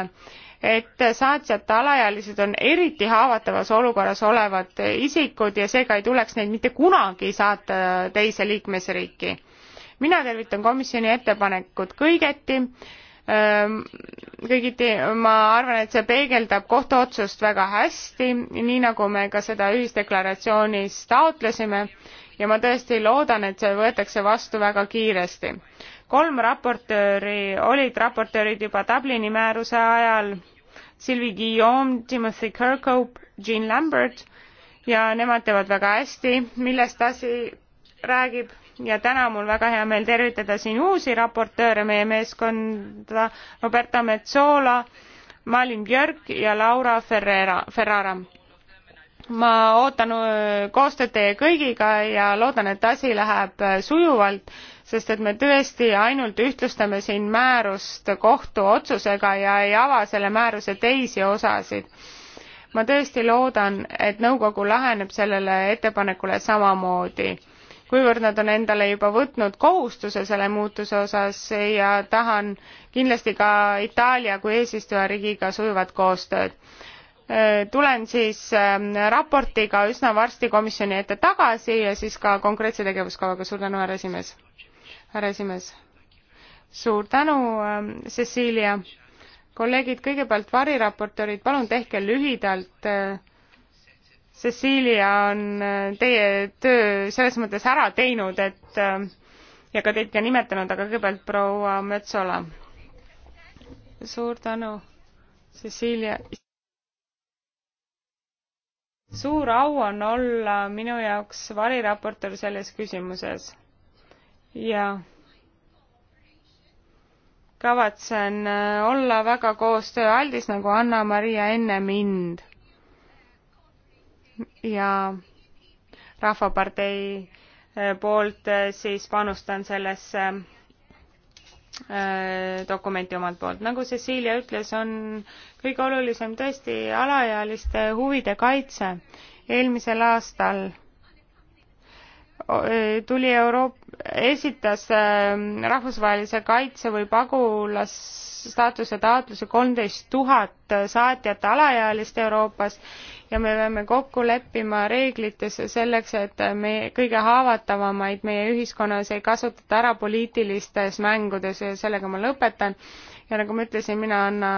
et saatjate alaealised on eriti haavatavas olukorras olevad isikud ja seega ei tuleks neid mitte kunagi saata teise liikmesriiki. mina tervitan komisjoni ettepanekut kõigeti, ehm, kõigiti ma arvan, et see peegeldab kohtuotsust väga hästi, nii nagu me ka seda ühisdeklaratsioonis taotlesime ja ma tõesti loodan, et see võetakse vastu väga kiiresti kolm raportööri olid raportöörid juba Dublini määruse ajal Sylvie Guillaume, Timothy Kirkhope, Jean Lambert ja nemad teevad väga hästi, millest asi räägib ja täna on mul väga hea meel tervitada siin uusi raportööre meie meeskonda Roberta Metsola, Malin Björk ja Laura Ferreira, Ferrara. ma ootan äh, koostööd teie kõigiga ja loodan, et asi läheb äh, sujuvalt sest et me tõesti ainult ühtlustame siin määrust kohtuotsusega ja ei ava selle määruse teisi osasid. ma tõesti loodan, et nõukogu läheneb sellele ettepanekule samamoodi kuivõrd nad on endale juba võtnud kohustuse selle muutuse osas ja tahan kindlasti ka Itaalia kui eesistujariigiga sujuvat koostööd. tulen siis ähm, raportiga üsna varsti komisjoni ette tagasi ja siis ka konkreetse tegevuskavaga. suur tänu, härra esimees! härra esimees. suur tänu, ähm, Cecilia. kolleegid, kõigepealt variraportöörid, palun tehke lühidalt. Äh, Cecilia on äh, teie töö selles mõttes ära teinud, et äh, ja ka teid ka nimetanud, aga kõigepealt proua Metsola. suur tänu, Cecilia suur au on olla minu jaoks variraportor selles küsimuses ja kavatsen äh, olla väga koostööaldis nagu Anna-Maria enne mind ja Rahvapartei äh, poolt äh, siis panustan sellesse dokumenti omalt poolt. nagu Cecilia ütles, on kõige olulisem tõesti alaealiste huvide kaitse. eelmisel aastal tuli Euroop-, esitas ähm, rahvusvahelise kaitse või pagulasstaatuse taotluse kolmteist tuhat saatjat alaealist Euroopas ja me peame kokku leppima reeglites selleks, et me kõige haavatavamaid meie ühiskonnas ei kasutata ära poliitilistes mängudes ja sellega ma lõpetan. ja nagu ma ütlesin, mina anna,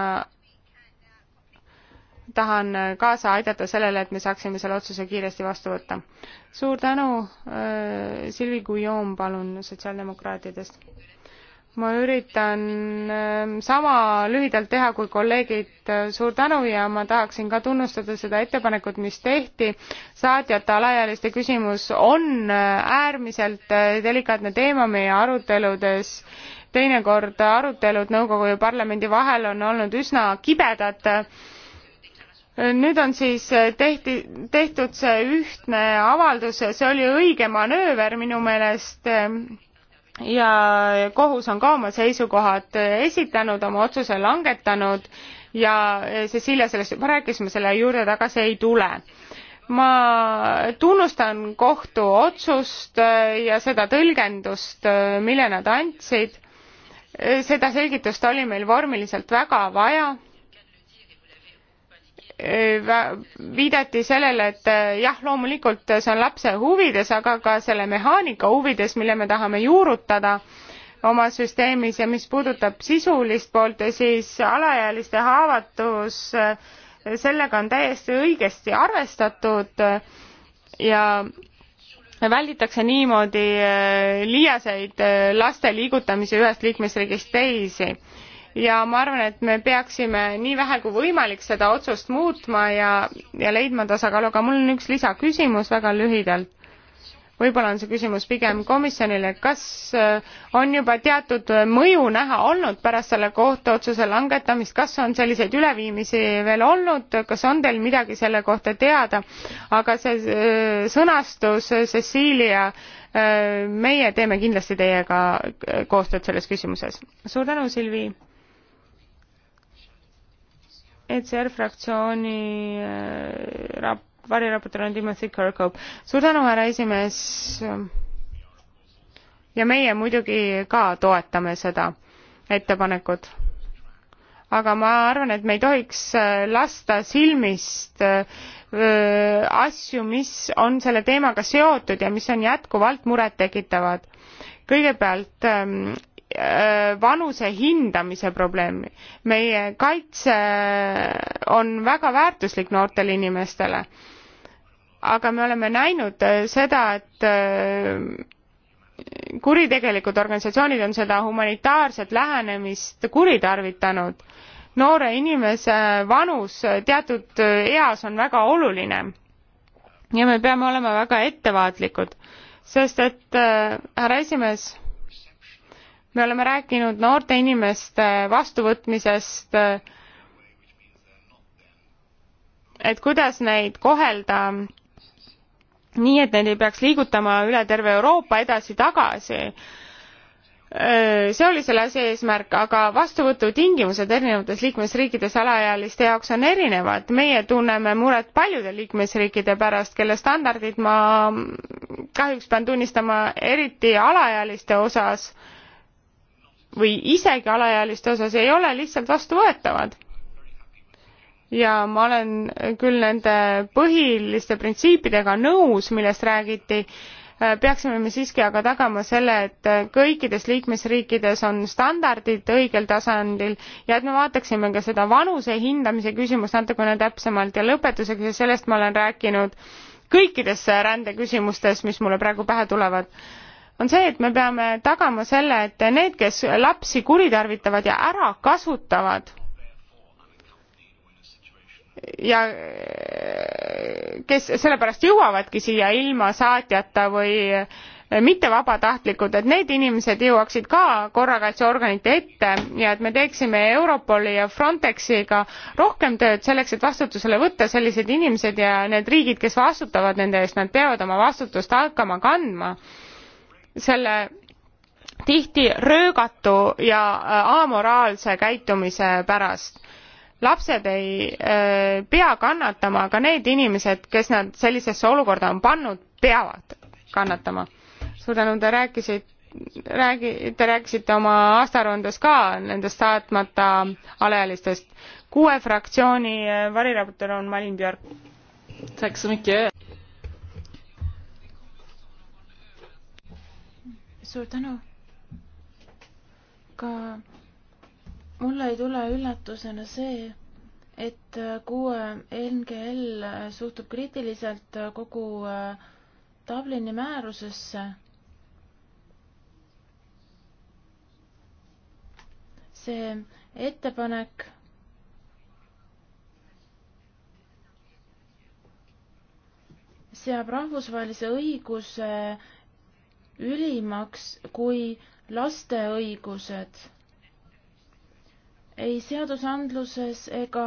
tahan kaasa aidata sellele, et me saaksime selle otsuse kiiresti vastu võtta. suur tänu, äh, Silvi Guillaume, palun, sotsiaaldemokraatidest. ma üritan äh, sama lühidalt teha kui kolleegid, äh, suur tänu ja ma tahaksin ka tunnustada seda ettepanekut, mis tehti. saatjate alaealiste küsimus on äärmiselt delikaatne teema meie aruteludes teinekord arutelud nõukogu ja parlamendi vahel on olnud üsna kibedad nüüd on siis eh, tehti, tehtud see ühtne avaldus ja see oli õige manööver minu meelest eh, ja kohus on ka oma seisukohad eh, esitanud, oma otsuse langetanud ja Cecilia sellest juba rääkis, ma selle juurde tagasi ei tule. ma tunnustan kohtu otsust ja seda tõlgendust, mille nad andsid. seda selgitust oli meil vormiliselt väga vaja viidati sellele, et eh, jah, loomulikult see on lapse huvides, aga ka selle mehaanika huvides, mille me tahame juurutada oma süsteemis ja mis puudutab sisulist poolt, siis alaealiste haavatus, eh, sellega on täiesti õigesti arvestatud ja välditakse niimoodi eh, liiaseid laste liigutamise ühest liikmesriigist teisi ja ma arvan, et me peaksime nii vähe kui võimalik seda otsust muutma ja, ja leidma tasakaalu, aga mul on üks lisaküsimus väga lühidalt. võib-olla on see küsimus pigem komisjonile, kas äh, on juba teatud mõju näha olnud pärast selle kohtuotsuse langetamist, kas on selliseid üleviimisi veel olnud, kas on teil midagi selle kohta teada, aga see äh, sõnastus Cecilia äh, meie teeme kindlasti teiega koostööd selles küsimuses. suur tänu, Silvi! ECR fraktsiooni äh, rap-, variraportöör on Timothy Kirkhope. suur tänu, härra esimees. ja meie muidugi ka toetame seda ettepanekut. aga ma arvan, et me ei tohiks äh, lasta silmist äh, asju, mis on selle teemaga seotud ja mis on jätkuvalt murettekitavad kõigepealt ähm, Äh, vanuse hindamise probleemi. meie kaitse on väga väärtuslik noortele inimestele. aga me oleme näinud äh, seda, et äh, kuritegelikud organisatsioonid on seda humanitaarset lähenemist kuritarvitanud. noore inimese vanus teatud eas on väga oluline ja me peame olema väga ettevaatlikud, sest et härra esimees me oleme rääkinud noorte inimeste vastuvõtmisest et kuidas neid kohelda nii et neid ei peaks liigutama üle terve euroopa edasi tagasi see oli selle asja eesmärk aga vastuvõtutingimused erinevates liikmesriikides alaealiste jaoks on erinevad meie tunneme muret paljude liikmesriikide pärast kelle standardid ma kahjuks pean tunnistama eriti alaealiste osas äh, või isegi alaealiste osas ei ole lihtsalt vastuvõetavad. ja ma olen küll nende põhiliste printsiipidega nõus, millest räägiti, peaksime me siiski aga tagama selle, et kõikides liikmesriikides on standardid õigel tasandil ja et me vaataksime ka seda vanuse hindamise küsimust natukene täpsemalt ja lõpetuseks ja sellest ma olen rääkinud kõikides rändeküsimustes, mis mulle praegu pähe tulevad on see, et me peame tagama selle, et need, kes lapsi kuritarvitavad ja ära kasutavad ja kes sellepärast jõuavadki siia ilma saatjata või mitte vabatahtlikud, et need inimesed jõuaksid ka korrakaitseorganite ette ja et me teeksime Europoli ja Frontexiga rohkem tööd selleks, et vastutusele võtta sellised inimesed ja need riigid, kes vastutavad nende eest, nad peavad oma vastutust hakkama kandma selle tihti röögatu ja äh, amoraalse käitumise pärast lapsed ei öö, äh, pea kannatama aga need inimesed kes nad sellisesse olukorda on pannud peavad kannatama suur tänu te rääkisite räägi te rääkisite oma aastaaruandes ka nendest saatmata alaealistest kuue fraktsiooni äh, variraportöör on Malin Björk suur tänu. ka mulle ei tule üllatusena see, et kuue NGL suhtub kriitiliselt kogu äh, Dublini määrusesse. see ettepanek seab rahvusvahelise õiguse äh, ülimaks kui laste õigused. ei seadusandluses ega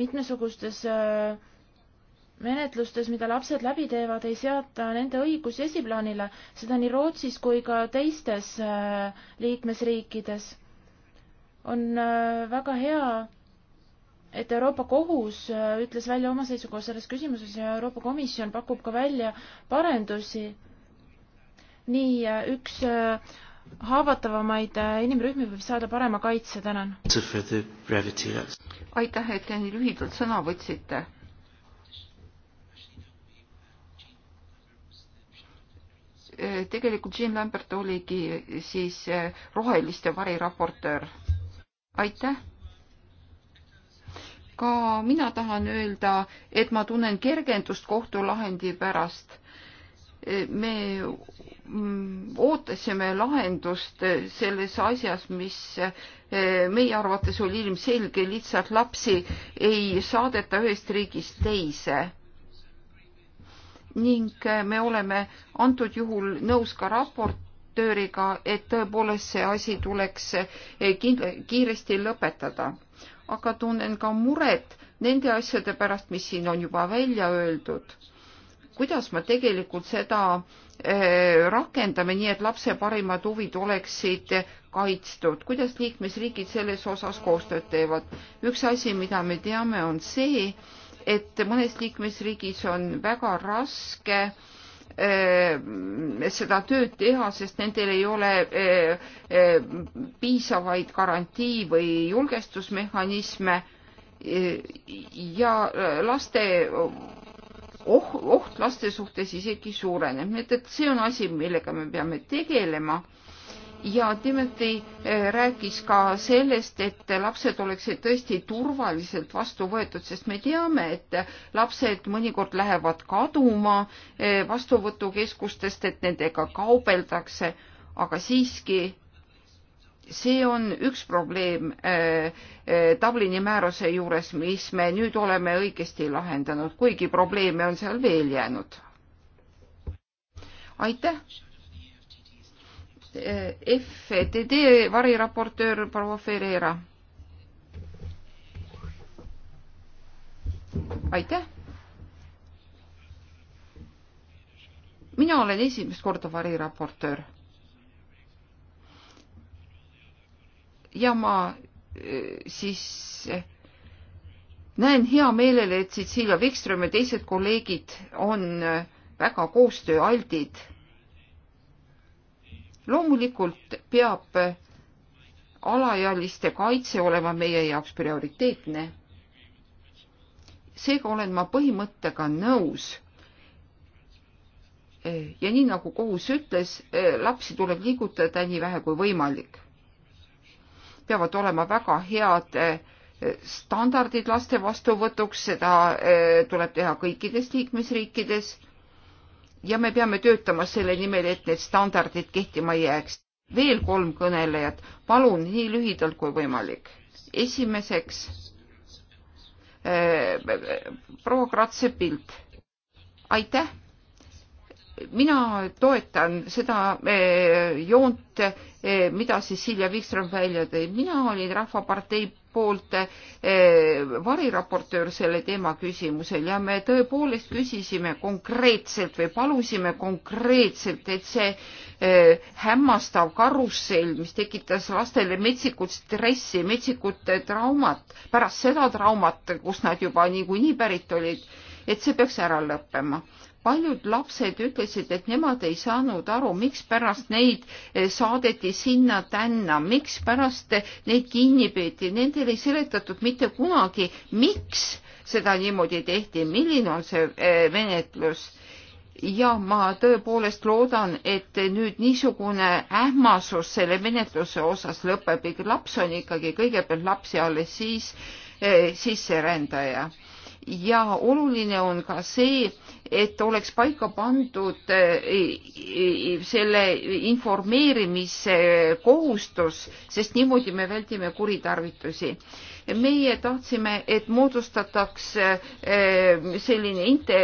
mitmesugustes äh, menetlustes, mida lapsed läbi teevad, ei seata nende õigusi esiplaanile, seda nii Rootsis kui ka teistes äh, liikmesriikides. on äh, väga hea, et Euroopa Kohus ütles välja oma seisukoha selles küsimuses ja Euroopa Komisjon pakub ka välja parendusi nii üks äh, haavatavamaid äh, inimrühmi võib saada parema kaitse, tänan. aitäh, et te nii lühidalt sõna võtsite. Äh, tegelikult Jean Lambert oligi siis roheliste variraportöör. aitäh ka mina tahan öelda, et ma tunnen kergendust kohtulahendi pärast. me Mm, ootasime lahendust selles asjas, mis eh, meie arvates oli ilmselge, lihtsalt lapsi ei saadeta ühest riigist teise. ning eh, me oleme antud juhul nõus ka raportööriga, et tõepoolest see asi tuleks eh, kindla-, kiiresti lõpetada. aga tunnen ka muret nende asjade pärast, mis siin on juba välja öeldud kuidas me tegelikult seda eh, rakendame nii, et lapse parimad huvid oleksid kaitstud, kuidas liikmesriigid selles osas koostööd teevad. üks asi, mida me teame, on see, et mõnes liikmesriigis on väga raske eh, seda tööd teha, sest nendel ei ole eh, piisavaid garantii või julgestusmehhanisme ja laste oh, oht laste suhtes isegi suureneb, nii et, et see on asi, millega me peame tegelema. ja Timothy eh, rääkis ka sellest, et lapsed oleksid tõesti turvaliselt vastu võetud, sest me teame, et lapsed mõnikord lähevad kaduma eh, vastuvõtukeskustest, et nendega kaubeldakse, aga siiski see on üks probleem äh, äh, Dublini määruse juures, mis me nüüd oleme õigesti lahendanud, kuigi probleeme on seal veel jäänud. aitäh. Äh, FTD variraportöör proua Ferreira. aitäh. mina olen esimest korda variraportöör ja ma äh, siis äh, näen hea meelele, et Cecilia Wikström ja teised kolleegid on äh, väga koostööaldid. loomulikult peab alaealiste kaitse olema meie jaoks prioriteetne. seega olen ma põhimõttega nõus. ja nii nagu kohus ütles, lapsi tuleb liigutada nii vähe kui võimalik peavad olema väga head eh, standardid laste vastuvõtuks, seda eh, tuleb teha kõikides liikmesriikides. ja me peame töötama selle nimel, et need standardid kehtima ei jääks. veel kolm kõnelejat, palun nii lühidalt kui võimalik. esimeseks eh, proua Kratse pilt. aitäh mina toetan seda eh, joont, eh, mida siis Silja Vikström välja tõi. mina olin Rahvapartei poolt eh, variraportöör selle teema küsimusel ja me tõepoolest küsisime konkreetselt või palusime konkreetselt, et see hämmastav karussell, mis tekitas lastele metsikut stressi, metsikut traumat, pärast seda traumat, kus nad juba niikuinii pärit olid, et see peaks ära lõppema paljud lapsed ütlesid, et nemad ei saanud aru, mikspärast neid eh, saadeti sinna-tänna, mikspärast eh, neid kinni peeti, nendele ei seletatud mitte kunagi, miks seda niimoodi tehti, milline on see eh, menetlus ja ma tõepoolest loodan, et nüüd niisugune ähmasus selle menetluse osas lõpeb, laps on ikkagi kõigepealt laps ja alles siis sisserändaja ja oluline on ka see, et oleks paika pandud eh, eh, selle informeerimise kohustus, sest niimoodi me väldime kuritarvitusi. meie tahtsime, et moodustataks eh, selline inte-,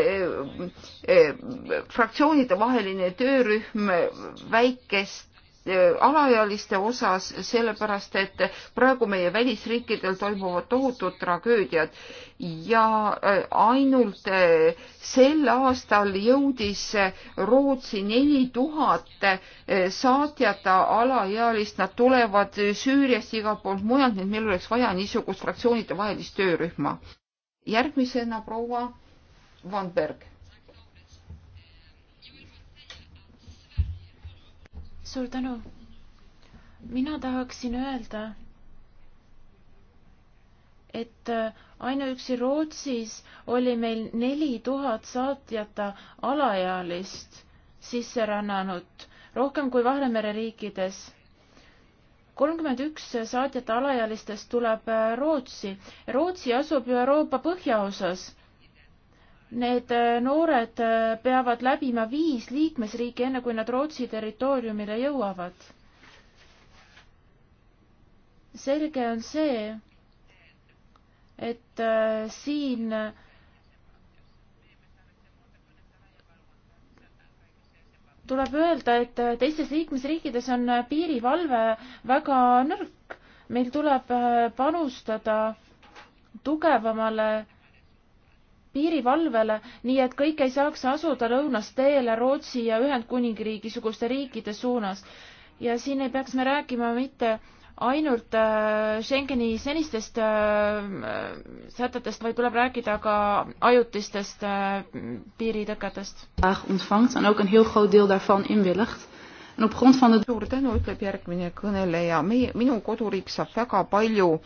fraktsioonide vaheline töörühm väikest alaealiste osas, sellepärast et praegu meie välisriikidel toimuvad tohutud tragöödiad ja äh, ainult äh, sel aastal jõudis äh, Rootsi neli tuhat saatjata alaealist, nad tulevad Süüriast igalt poolt mujalt, nii et meil oleks vaja niisugust fraktsioonide vahelist töörühma. järgmisena proua Vanberg suur tänu. mina tahaksin öelda, et äh, ainuüksi Rootsis oli meil neli tuhat saatjata alaealist sisserännanut, rohkem kui Vahemere riikides kolmkümmend üks saatjate alaealistest tuleb äh, Rootsi. Rootsi asub ju Euroopa põhjaosas Need äh, noored äh, peavad läbima viis liikmesriiki, enne kui nad Rootsi territooriumile jõuavad. selge on see, et äh, siin tuleb öelda, et teistes liikmesriikides on piirivalve väga nõrk. meil tuleb panustada tugevamale piirivalvele, nii et kõik ei saaks asuda lõunast teele Rootsi ja Ühendkuningriigi suguste riikide suunas. ja siin ei peaks me rääkima mitte ainult äh, Schengeni senistest äh, sätetest, vaid tuleb rääkida ka ajutistest äh, piiritõketest. suur tänu, ütleb järgmine kõneleja, meie, minu koduriik saab väga palju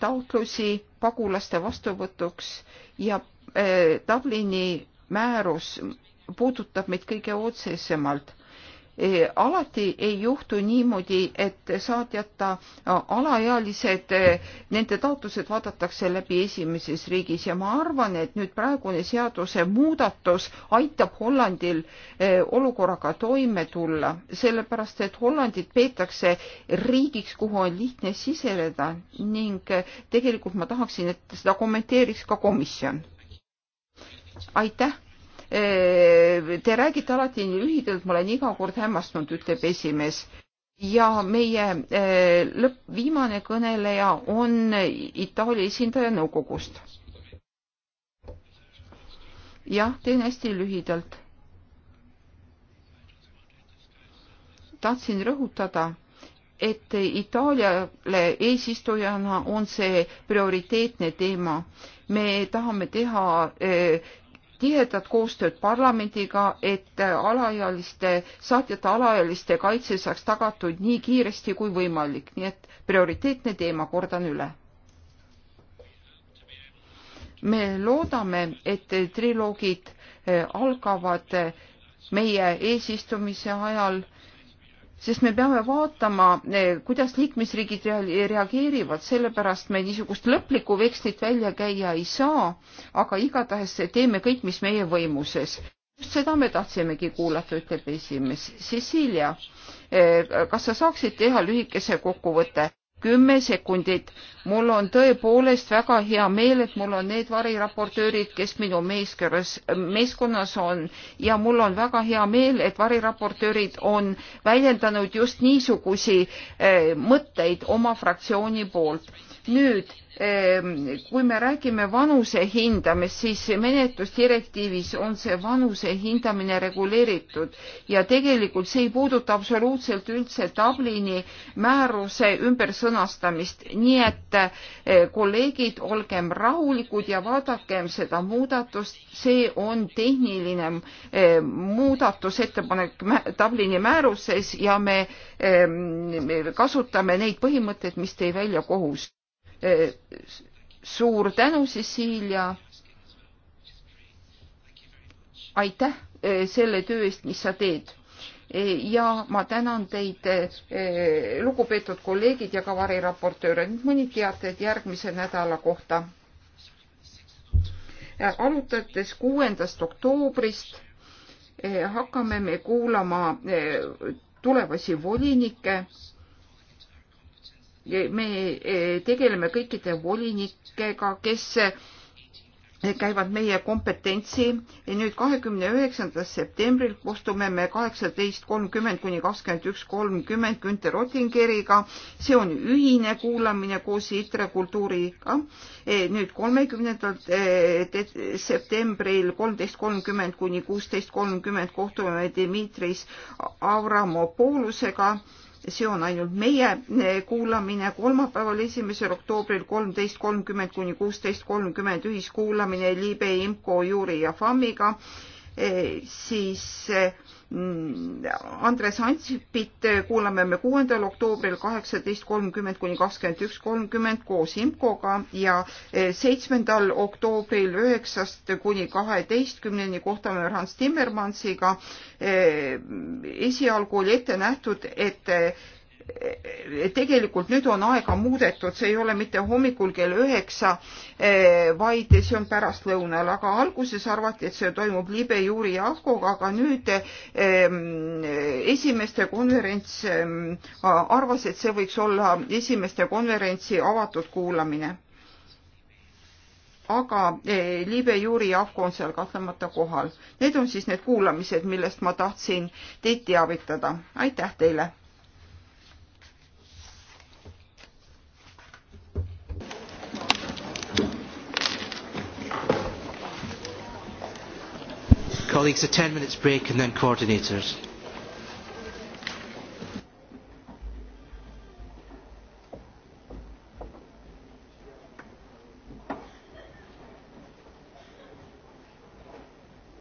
taotlusi pagulaste vastuvõtuks ja eh, Dublini määrus puudutab meid kõige otsesemalt alati ei juhtu niimoodi, et saatjata äh, alaealised, äh, nende taotlused vaadatakse läbi esimeses riigis ja ma arvan, et nüüd praegune seadusemuudatus aitab Hollandil äh, olukorraga toime tulla, sellepärast et Hollandit peetakse riigiks, kuhu on lihtne siseneda ning tegelikult ma tahaksin, et seda kommenteeriks ka komisjon. aitäh Te räägite alati nii lühidalt, ma olen iga kord hämmastunud, ütleb esimees. ja meie eh, lõpp, viimane kõneleja on Itaalia esindaja nõukogust. jah, teen hästi lühidalt. tahtsin rõhutada et Itaaliale eesistujana on see prioriteetne teema. me tahame teha eh, tihedat koostööd parlamendiga, et alaealiste, saatjate alaealiste kaitse saaks tagatud nii kiiresti kui võimalik, nii et prioriteetne teema, kordan üle. me loodame, et triloogid eh, algavad eh, meie eesistumise ajal sest me peame vaatama, eh, kuidas liikmesriigid reageerivad, sellepärast me niisugust lõplikku vekslit välja käia ei saa, aga igatahes teeme kõik, mis meie võimuses. just seda me tahtsimegi kuulata, ütleb esimees. Cecilia, eh, kas sa saaksid teha lühikese kokkuvõtte? kümme sekundit. mul on tõepoolest väga hea meel, et mul on need variraportöörid, kes minu meeskonnas, meeskonnas on ja mul on väga hea meel, et variraportöörid on väljendanud just niisugusi eh, mõtteid oma fraktsiooni poolt nüüd ehm, kui me räägime vanuse hindamist, siis menetlusdirektiivis on see vanuse hindamine reguleeritud ja tegelikult see ei puuduta absoluutselt üldse Dublini määruse ümbersõnastamist, nii et eh, kolleegid, olgem rahulikud ja vaadakem seda muudatust, see on tehniline eh, muudatusettepanek Dublini määruses ja ehm, me kasutame neid põhimõtteid, mis tõi välja kohus Äh, suur tänu, Cecilia. aitäh äh, selle töö eest, mis sa teed. Äh, ja ma tänan teid, lugupeetud kolleegid ja ka variraportööre. nüüd mõned teated järgmise nädala kohta. arutades kuuendast oktoobrist hakkame me kuulama tulevasi volinikke me e, tegeleme kõikide volinikega, kes e, käivad meie kompetentsi. nüüd kahekümne üheksandast septembril kohtume me kaheksateist kolmkümmend kuni kakskümmend üks kolmkümmend Günter Ottingeriga. see on ühine kuulamine koos ITRE kultuuriga. E, nüüd kolmekümnendal septembril kolmteist kolmkümmend kuni kuusteist kolmkümmend kohtume Dmitris Avramopoulusega see on ainult meie eh, kuulamine kolmapäeval, esimesel oktoobril kolmteist kolmkümmend kuni kuusteist kolmkümmend ühiskuulamine Liibe, IMCO, Juri ja FAM-iga, eh, siis eh, Mm, Andres Ansipit kuulame me kuuendal oktoobril kaheksateist kolmkümmend kuni kakskümmend üks kolmkümmend koos IMCO-ga ja eh, seitsmendal oktoobril üheksast kuni kaheteistkümneni kohtame Hans Timmermansiga. Eh, esialgu oli ette nähtud, et eh, tegelikult nüüd on aega muudetud, see ei ole mitte hommikul kell üheksa, eh, vaid see on pärastlõunal, aga alguses arvati, et see toimub libe juuri ja ahkoga, aga nüüd ehm, esimeste konverents ehm, arvas, et see võiks olla esimeste konverentsi avatud kuulamine. aga eh, libe juuri ja ahko on seal kahtlemata kohal. Need on siis need kuulamised, millest ma tahtsin teid teavitada. aitäh teile! Colleagues, a 10 minutes break and then coordinators.